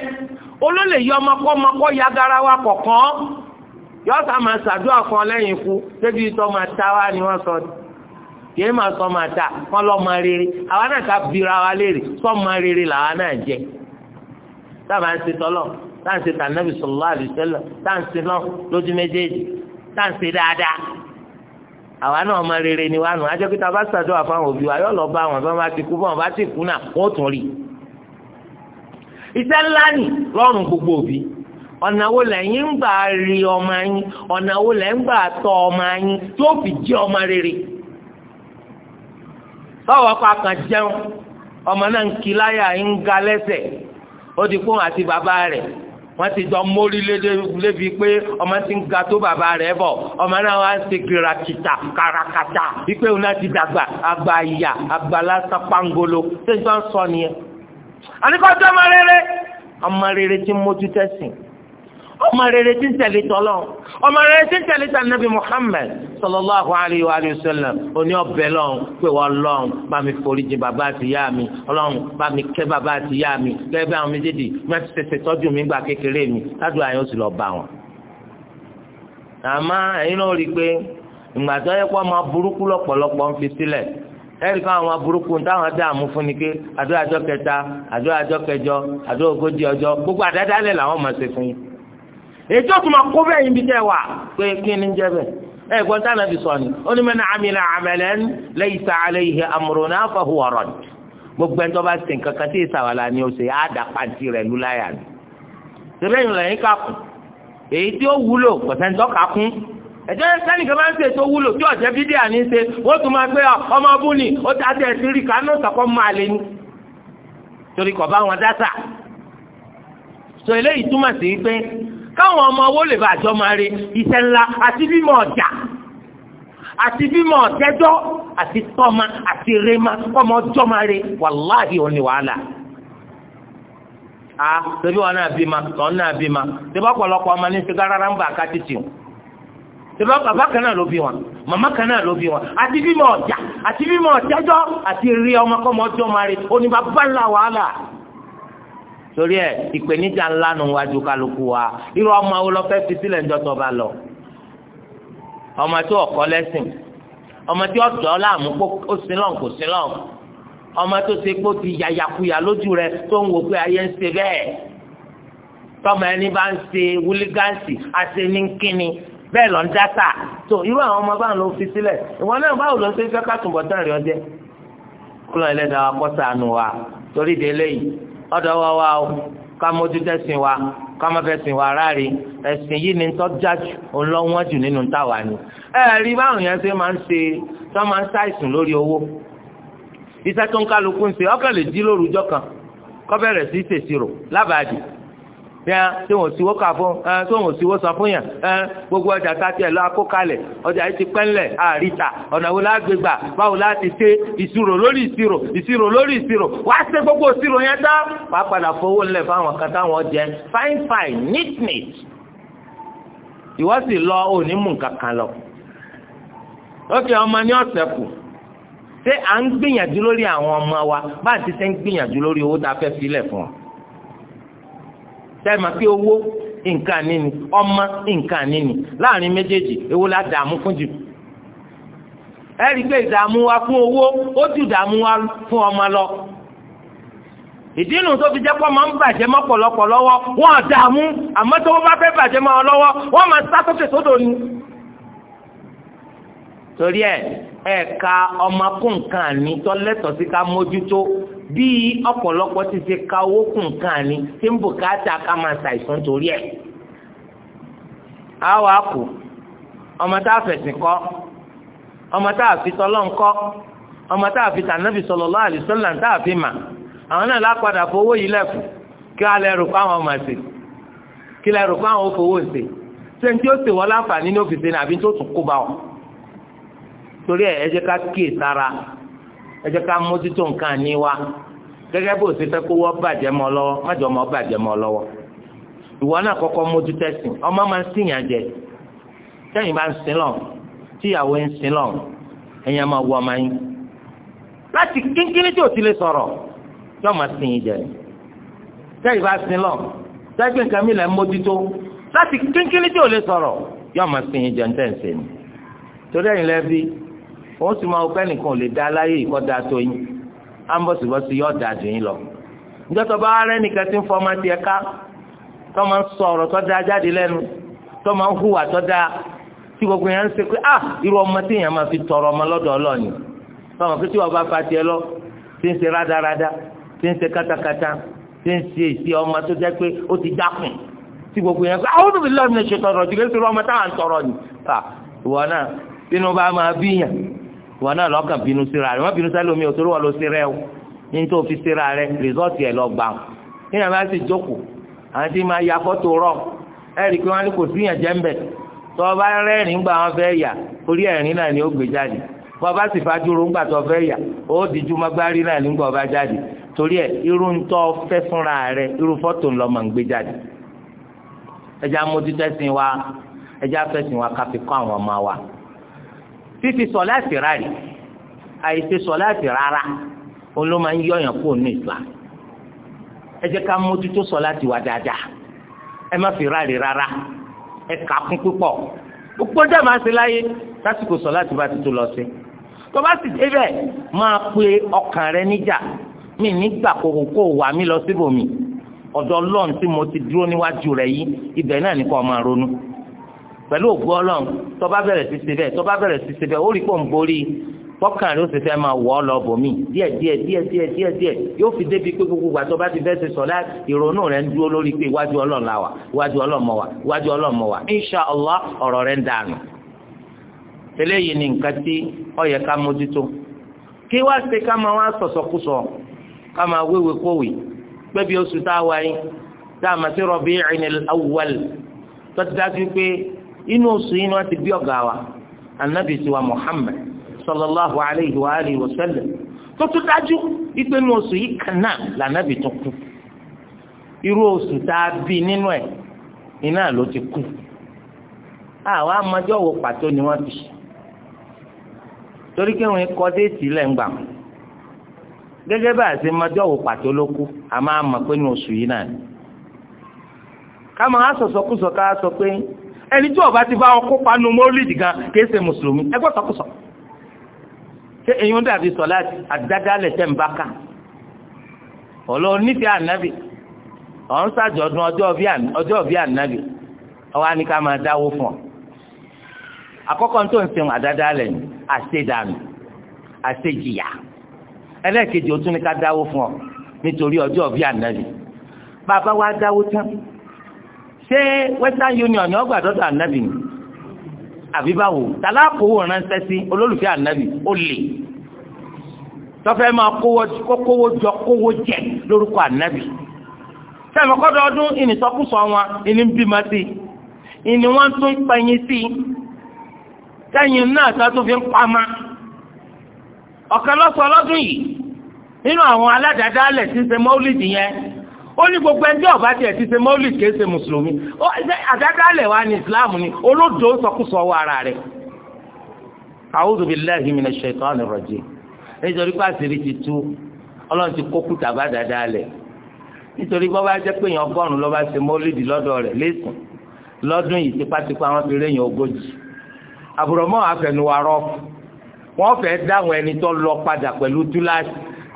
Speaker 1: olólè yọ ọmọkọ́mọkọ́ ya garawa kọ̀ọ̀kan yọ sá máa ṣàdúrà kan lẹ́yìn ikú débi tó máa ta wá ni wọ́n sọ kìí máa sọ máa ta kọ́ lọ́ máa rere àwa náà ká bira wa léèrè sọ máa rere làwa náà jẹ táwa ń ṣe tọ́lọ̀ táà ń ṣe tànàbì sallallahu alaihi wasallam táà ń ṣe náà lójú méjèèjì táà ń ṣe dáadáa àwa náà máa rere ni wa nù ajẹ́ pé tá a bá ṣàdúrà fáwọn òbí wa yọ iṣẹ́ ńlá nì lọ́rùn gbogbo òbí ọ̀nà wo lẹ́yìn ń gbà rí ọmọ yín ọ̀nà wo lẹ́yìn ń gbà tọ́ ọmọ yín tó fi jẹ́ ọmọ rere báwo kọ́ akàn jẹun ọmọ náà ń kí láyà ń ga lẹ́sẹ̀ ó ti kún àti bàbá rẹ̀ wọ́n ti jọ mórí lébi pé ọmọ ti ń ga tó bàbá rẹ̀ bọ̀ ọmọ náà wá ń ṣe kìràkìtà kàràkàtà wípé òun náà ti dàgbà àgbà ìyà àgbà lásán pangolo ṣé n tó ń sọ nìyẹn àníkọ́ jẹ́ ọmọ rere ọmọ rere tí ń mójú tẹ́sìn ọmọ rere tí ń tẹ̀lé tọ́lọ́ ọmọ rere tí ń tẹ̀lé tànàbí Muhammad sallallahu alayhi wa sallam oní ọbẹ̀ lọ́hùn pé wọ́n lọ́hùn bá mi foríjì bàbá àti ìyá mi ọlọ́hùn bá mi kẹ́ bàbá àti ìyá mi gẹ́gẹ́ bí àwọn méjèèjì mẹ́tí tẹ̀sẹ̀ tọ́jú mi gba kékeré mi ládùúgbò àyàn sì lọ bá wọn. àmọ́ ẹ̀yin náà rí i pé ìgbà ẹ̀rí kan àwọn aburúkú táwọn dààmú fún ni pé àdó àjọ kẹta àdó àjọ kẹjọ àdó ogójì ọjọ́ gbogbo àdádálẹ̀ làwọn máa ṣe fún yín. ètò tó máa kó bẹ́ẹ̀ yín bí tẹ́ wà pé kí ni jẹ́ bẹ́ẹ̀ ẹ̀ gbọ́n táwọn ẹbí sọ ni ó ní man amila gbogbo ẹni ẹ̀jẹ̀ sẹ́nìkan máa ń ṣe tó wúlò tí ọ̀jẹ̀ bídíà ní ṣe wọ́n tún gbé ah, ọmọ ni ó ti àti ẹ̀sìn rí kánú sọ̀kọ́ máa ní torí kọ̀ bá wọn dáta sọ eléyìí túmọ̀ sí pé káwọn ọmọ owó lè bá àjọ máa rí iṣẹ́ ńlá àti bímọ ọjà àti bímọ ọ̀tẹ́jọ́ àti tọ́ma àti rema a tẹbi ah, wọn náà tọ́ náà tẹ̀lé bàbá kan náà ló bí wọn màmá kan náà ló bí wọn àti bímọ ọ̀jà àti bímọ ọ̀jájọ́ àti rí ọmọ kọ́mọ ọjọ́ máa rí oníbà bá ńlá wàhálà. torí ẹ ìpèníjà ńlá nu wájú kálukú wa irú ọmọ wo lọ fẹ́ fi sílẹ̀ ńjọ́ tó bá lọ. ọmọ tí ọkọ lẹ́sìn ọmọ tí ọ̀dọ́ láàmú kó sílọ̀n kó sílọ̀n ọmọ tó ṣe pé ti yàyàkuyà lójú rẹ tó ń wò pé ayé ń ṣe bẹ́ẹ̀ tọ́mọ ẹni bá ń ṣe wúlígáǹsì àṣẹ ní bẹ́ẹ̀ lọ ń dá tà tó irú àwọn ọmọ báwọn ló fi sílẹ̀ ìwọ náà báwo ló ṣe fẹ́ ká túnbọ̀ tán rí ọjẹ́ kúlọ ẹlẹ́dàá wa kọ́ sànù wa torí délé yìí ọ̀dọ̀ wa wa o ká mójú tẹ̀sìn wa ká má fẹ́ sìn wa ráre ẹ̀sìn yìí ni ń tọ́jà jù ọlọ́wọ́n jù nínú táwa ni ẹ rí báwọn yẹn ṣe máa ń ṣe tó máa ń ṣàìsùn lórí owó iṣẹ́ tó ń kálukú ń ṣe ọkàn lè dí lórúkọ yẹn ah, tí wọn siwó kà fún ẹ ah, tí wọn siwó sọ fún yẹn ẹ ah, gbogbo ọjà tàbí ẹ lọ akókalẹ̀ ọjà yìí ti pẹ́ńlẹ̀ àríta ọ̀nà wo láti gbà báwo láti ṣe ìṣirò lórí ìṣirò ìṣirò lórí ìṣirò wá ṣe gbogbo ìṣirò yẹn tán wàá padà fowó ńlẹ̀ fáwọn kan táwọn jẹ fine fine neat neat ìwọ sì lọ òní mú kankan lọ lókè ọmọ ní ọ̀sẹ̀ kù ṣé à ń gbìyànjú lórí àwọn ọmọ wa bá àti ṣe ń gbìyànjú lórí owó tá a fẹ́ filẹ̀ fún ọ sẹ́ẹ̀mà pé owó nǹkan níní ọmọ nǹkan níní láàrin méjèèjì èwo la dààmú fún jù ẹ rí i pé ìdààmú wa fún owó ó ju ìdààmú wa fún ọmọ lọ ìdínú tó fi jẹ́ pọ́ máa ń bàjẹ́ mọ́ pọ̀lọpọ̀ lọ́wọ́ wọ́n dààmú àmọ́ tó wọ́n bá fẹ́ bàjẹ́ mọ́ ọ lọ́wọ́ wọ́n máa sá sódò ni. torí ẹ ẹ ka ọmọ kún tọ́lẹ́tọ̀ sí ká mójútó bí ọ̀pọ̀lọpọ̀ ti ṣe ka owó kù nǹkan ni tí ń bùkátà ká máa ṣàìsàn torí ẹ̀. àwa kù ọmọ tá a fẹ̀sìn kọ́ ọmọ tá a fi tọ́lọ́ ń kọ́ ọmọ tá a fi tànàbì sallallahu alaihi wasallam tá a fi mà àwọn náà lápadà fowó yìí lẹ́fù kí wọ́n lè rò pé àwọn ọmọ ṣe kí lè rò pé àwọn fowó ṣe ṣé ní tí ó ṣe wọ́n láǹfààní ní òfìsè ẹ jẹ́ ká mójútó nǹkan ní wa gẹ́gẹ́ bó ṣe fẹ́ kó wọ́ bàjẹ́ mọ́ lọ́wọ́ májọ mọ́ bàjẹ́ mọ́ lọ́wọ́ ìwọ náà kọ́kọ́ mójútó ẹ̀sìn ọmọ máa ń sìyàn jẹ sẹ́yìn bá ń sin lọ tíyàwó ń sin lọ ẹ̀yin máa wọ ọmọ yín láti kínkínní tí ò ti lè sọ̀rọ̀ yóò máa sin jẹ sẹ́yìn bá sin lọ sẹ́gbẹ́ nǹkan mi lẹ̀ ń mójútó láti kínkínní tí ò lè sọ̀rọ̀ yóò máa sin jẹ ń tẹ̀ ń sẹ́yìn torí ẹ̀yin lẹ́bi wọ́n sì máa pẹ́ nìkan ò lè dá láyé ìkọ́ da tó yín ámbọ̀sibọ́sí yóò da jù yín lọ. ìjọ tó bá rẹ́ nìkan tí ń fọmọ tiẹ̀ ká tó máa ń sọ ọ̀rọ̀ tó dáa jáde lẹ́nu tó máa ń hùwà tó dáa tí gbogbo yẹn ń ṣe pé ah irú ọmọ tí èèyàn máa fi tọrọ ọmọ lọ́dọ̀ ọlọ́ọ̀ni báwọn pé tí wọ́n bá fa tiẹ̀ lọ tí ń ṣe rádaràda tí ń ṣe kátakátá tí ń ṣe ìṣe ọmọ tó jẹ́ pé ó ti dákùn tí gbogbo yẹn pé àwọn òbí lọ́ọ̀ni ṣe tọrọ jù kí ń ṣe ọmọ táwọn tọrọ ni. ìwọ náà tinubu a máa bíyàn wọn náà lọ́kàn bínú síra rẹ̀ wọ́n bínú sálẹ̀ omi òtòrò wọn sí rẹ o ní tó fi síra rẹ rìsọ́ọ̀tì ẹ̀ lọ gbà o ní ìyàrá sì jókòó àwọn tí máa ya fọ́tò rọ ẹ̀ rí i pé wọ́n kò sí yàn jẹ́ ń tó o bá gbà ni o bá sì tó yà ó dìjú náà ó bá jáde torí irú ń fúnra irú ńlọ ń gbé jáde wa. fífi sọ̀láàtì ráàlì àìsí sọ̀láàtì rárá òun ló máa ń yọ̀yàn kúrò ní Islam ẹ jẹ́ ká mójútó sọ̀láàtì wa dáadáa ẹ má fi ráàlì rárá ẹ kà á kún púpọ̀ gbogbo dẹ́ máa ṣe láyé lásìkò sọ̀láàtì bá ti tó lọ sí tó bá sì débẹ̀ máa pe ọkàn rẹ níjà mi nígbà kókó kó wà mí lọ síbòmí ọ̀dọ̀ Ọlọ́run tí mo ti dúró níwájú rẹ̀ yìí ibẹ̀ náà ni kò máa ronú pẹ̀lú ògbó ọlọ́run tó bá bẹ̀rẹ̀ sí ṣe bẹ́ẹ̀ tó bá bẹ̀rẹ̀ sí ṣe bẹ́ẹ̀ ó rí pò ń borí fọkàn ló ṣe fẹ́ máa wọ̀ ọ́ lọ bò mí díẹ̀ díẹ̀ díẹ̀ díẹ̀ díẹ̀ díẹ̀ yóò fi débi pé gbogbo gbàtọ́ bá ti fẹ́ẹ́ ṣe sọ̀lá ìrònú rẹ̀ ń dúró lórí pé iwájú ọlọ́run la wà iwájú ọlọ́run mọ̀ wà iwájú ọlọ́run mọ̀ wà ń ṣe ká máa dájú pé inú oṣù yìí ni ti bí ọ̀gá wa anabi tiwa sallallahu alayhi wa alihi wa sallam tó tún dájú ipe inú oṣù yìí kan iru lànàbì tó kú irú oṣù tá a bí nínú iná ló ti kú àwọn amadé ọ̀wọ́ pàtó ni wọ́n bí torí kéwọn kọ́ déètì lẹ́ngbà gẹ́gẹ́ bá àti amadé ọ̀wọ́ pàtó ló kú àmọ́ àmọ́ pé ní oṣù yìí náà ẹni tí ọba ti bá ọkọ panu mọ́lìdì gan kìí ṣe mùsùlùmí ẹgbọ́ sọkúsọ ṣé èyàn dàbí sọ láti àdádálẹ̀ tẹ́ ń bá kà ọ̀lọ́ onífẹ́ ànábì ọ̀hún ṣàjọ̀dún ọjọ́ bí ànábì ọwọ́ ni ká máa dáwó fún ọ àkọ́kọ́ tó ń sẹ́wọ̀n àdádálẹ̀ ni àṣedànù àṣejìyà ẹlẹ́ẹ̀kejì ó tún ní ká dáwó fún ọ nítorí ọjọ́ bí ànábì bàbá wa dáwó tán ṣé Western Union ni ọgbà dọ́tà ànábì àbí báwo tàlákòwò ránṣẹ́ sí olólùfẹ́ ànábì ó lè tọ́fẹ́ máa kówó jọ kówó jẹ lórúkọ ànábì sẹ́mi ọdún wọn ìní ń bímọ sí ìní wọ́n tún tún fi ń pamá ọ̀kan lọ́sọ̀ ọlọ́dún yìí nínú àwọn tí ń ṣe yẹn ó ní gbogbo ẹni tí ọba tiẹ̀ ti ṣe mọ́lì kìí ṣe mùsùlùmí àdádálẹ̀ wa ní islam ni olódò sọkúsọ wọ ara rẹ̀. a'udhu billahi minash shaitani rajim nítorí pàṣírí ti tú ọlọ́run ti kó kùtà bá dáadáa lẹ̀ nítorí bọ́ bá jẹ́ pé èèyàn ọgọ́rùn-ún ló bá ṣe mọ́lìdì lọ́dọ̀ rẹ̀ lẹ́sùn lọ́dún yìí tipátipá wọn fi réyìn ogójì àbùrọ̀mọ́ àfẹnuwarọ́ wọn fẹ́ dáhùn ẹni tó lọ padà pẹ̀lú túláàsì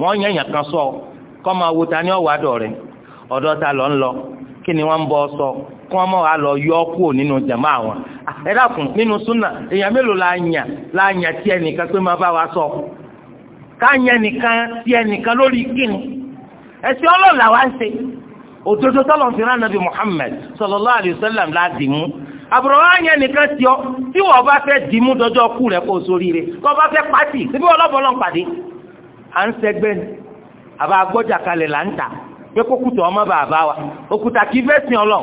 Speaker 1: wọ́n yẹn yàn kan sọ kọma máa wo ta ni lọ ń lọ kí ni ń bọ sọ kí wọ́n mọ̀ lọ yọ ọ kúrò nínú jàmá wọn ẹ nínú súnà èèyàn mélòó la yàn la yàn tí ẹnìkan pé máa bá wa sọ ká yàn nìkan tí ẹnìkan lórí kíni ẹsẹ ń ṣe fi rán la mú nìkan tí ọ tí wọ́n bá fẹ́ kú rẹ̀ kó sóríire kó bá fẹ́ pàtì à ń sẹgbẹ́ ni àbá agbọ́jà kalẹ̀ là ń tà pé kókùtà ọmọ bàbá wa òkúta kì í fẹ́ sìn ọlọ́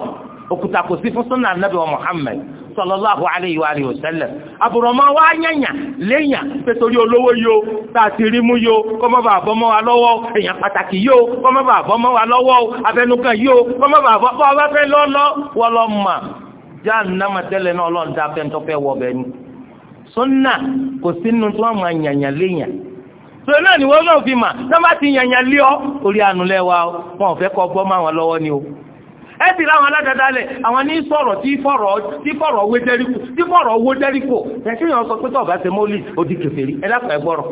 Speaker 1: òkúta kò sí fún wa Muhammad sallallahu wa alihi wa àbùrọ̀mọ́ yo tá ti rí mú yo kọ́mọ́ bọ́ yo kọ́mọ́ bọ́ yo kọ́mọ́ bọ́ wa fẹ́ lọ́lọ́ wọlọ́ tẹ́lẹ̀ náà fẹ́ntọ́fẹ́ sọ náà ni wọ́n náà fi mà náà bá ti yànyàn lé ọ orí àánú lẹ́wà wọn ò fẹ́ kọ́ bọ́ máwọn lọ́wọ́ ni o ẹ sì láwọn aládàdálẹ̀ àwọn ní sọ̀rọ̀ tí fọ̀rọ̀ owó dẹ́ríkò tí fọ̀rọ̀ owó dẹ́ríkò ẹ̀sìnyàn sọ pé tọ̀bá ṣe mọ́lì odi kèfèrí ẹ lápá ẹ gbọ́rọ̀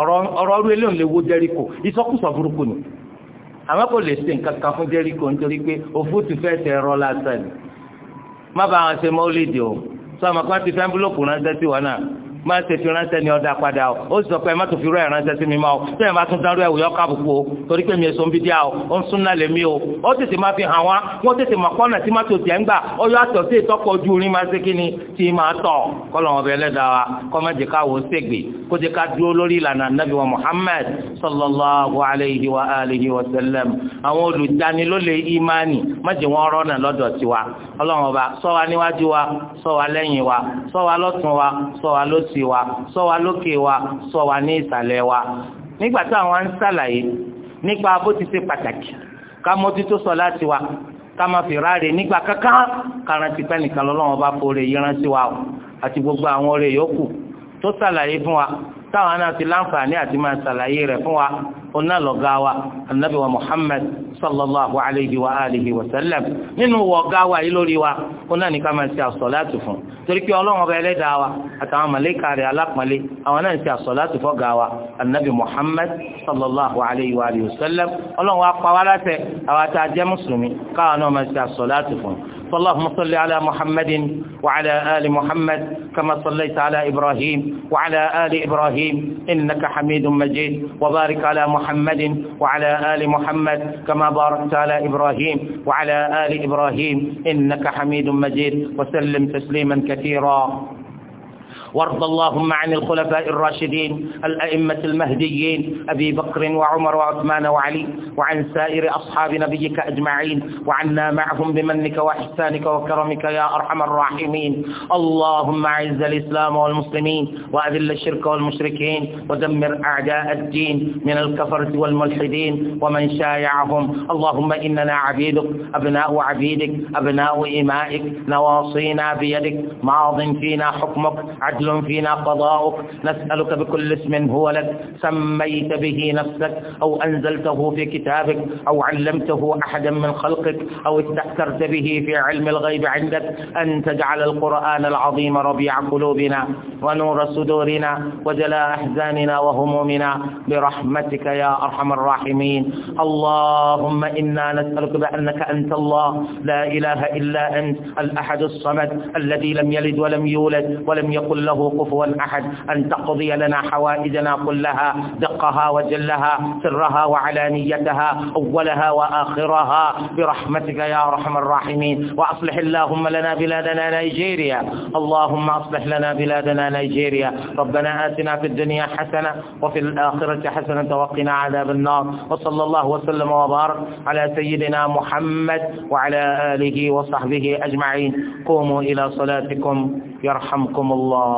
Speaker 1: ọ̀rọ̀ ọrú eléyìí lè wo dẹ́ríkò ìsọkúsọ burúkú ni àwọn kò lè ṣe nǹkan kan fún dẹ́ríkò nítorí pé òfútu fẹ́ tẹ ẹ̀rọ lásán máa ṣe fi ránṣẹ́ ni ọ̀dà padà o ó sì sọ pé ẹ má tó fi rọ ẹ̀ ránṣẹ́ sí mi máa o tí ẹ bá tún dárú ẹ̀ wòyọ́ kábùkù o torí pé mi èso ń bí díà o ó ń sún náà lèmi o ó tètè máa fi hàn wá wọ́n tètè máa pọ́nà tí má tó tiẹ̀ ń gbà ó yọ àtọ̀ sí ìtọ́kọ̀ ojú orin máa ṣe kíni tí máa tọ̀ kọ́lọ̀ bẹ lẹ́dàá wa kọ́ má jẹ́ wò ó kó jẹ́ ká dúró lórí ìlànà nàbì Muhammad sallallahu alayhi wa sallam àwọn olùdánilólè ìmánì má jẹ́ wọn rọ́nà lọ́dọ̀ tiwa ọlọ́run ọba ṣọ́ wa níwájú wa ṣọ́ òsì wa sọ wa lókè wa sọ wa ní ìsàlẹ̀ wa nígbà tí àwọn ń sàlàyé nípa bó ti ṣe pàtàkì ká mójútó sọ láti wa ká má fi ráre nígbà kankan karantí pẹ́nìkan lọ́wọ́ bá forí yírántí wa o àti gbogbo àwọn oore yòókù tó sàlàyé fún wa táwọn náà ti láǹfààní àti máa sàlàyé rẹ̀ fún wa ona lọgawa anabi wa muhammad sallallahu alayhi wa alihi wa sallam nínú wọgawa yìí lórí wa ona ní ká máa ṣe àsọláàtù fún torí pé ọlọ́run ọba ẹlẹ́dàá wa àtàwọn màlẹ́kà rẹ̀ alápọ̀nlé àwọn náà ń ṣe àsọláàtù fọ́gawa anabi muhammad sallallahu alayhi wa alihi wa sallam ọlọ́run wa pa wá láṣẹ àwọn àti ajẹ́ mùsùlùmí káwọn náà máa ṣe àsọláàtù fún فاللهم صل على محمد وعلى آل محمد كما صليت على إبراهيم وعلى آل إبراهيم إنك حميد مجيد وبارك على محمد محمد وعلى آل محمد كما باركت على إبراهيم وعلى آل إبراهيم إنك حميد مجيد وسلم تسليما كثيرا وارض اللهم عن الخلفاء الراشدين الأئمة المهديين أبي بكر وعمر وعثمان وعلي وعن سائر أصحاب نبيك أجمعين وعنا معهم بمنك وإحسانك وكرمك يا أرحم الراحمين اللهم أعز الإسلام والمسلمين وأذل الشرك والمشركين ودمر أعداء الدين من الكفرة والملحدين ومن شايعهم اللهم إننا عبيدك أبناء عبيدك أبناء إمائك نواصينا بيدك ماض فينا حكمك عدل فينا قضاؤك نسألك بكل اسم هو لك سميت به نفسك أو أنزلته في كتابك أو علمته أحدا من خلقك أو استأثرت به في علم الغيب عندك أن تجعل القرآن العظيم ربيع قلوبنا ونور صدورنا وجلاء أحزاننا وهمومنا برحمتك يا أرحم الراحمين اللهم إنا نسألك بأنك أنت الله لا إله إلا أنت الأحد الصمد الذي لم يلد ولم يولد ولم يقل له قفوا أحد أن تقضي لنا حوائجنا كلها دقها وجلها سرها وعلانيتها أولها وآخرها برحمتك يا أرحم الراحمين وأصلح اللهم لنا بلادنا نيجيريا اللهم أصلح لنا بلادنا نيجيريا ربنا آتنا في الدنيا حسنة وفي الآخرة حسنة وقنا عذاب النار وصلى الله وسلم وبارك على سيدنا محمد وعلى آله وصحبه أجمعين قوموا إلى صلاتكم يرحمكم الله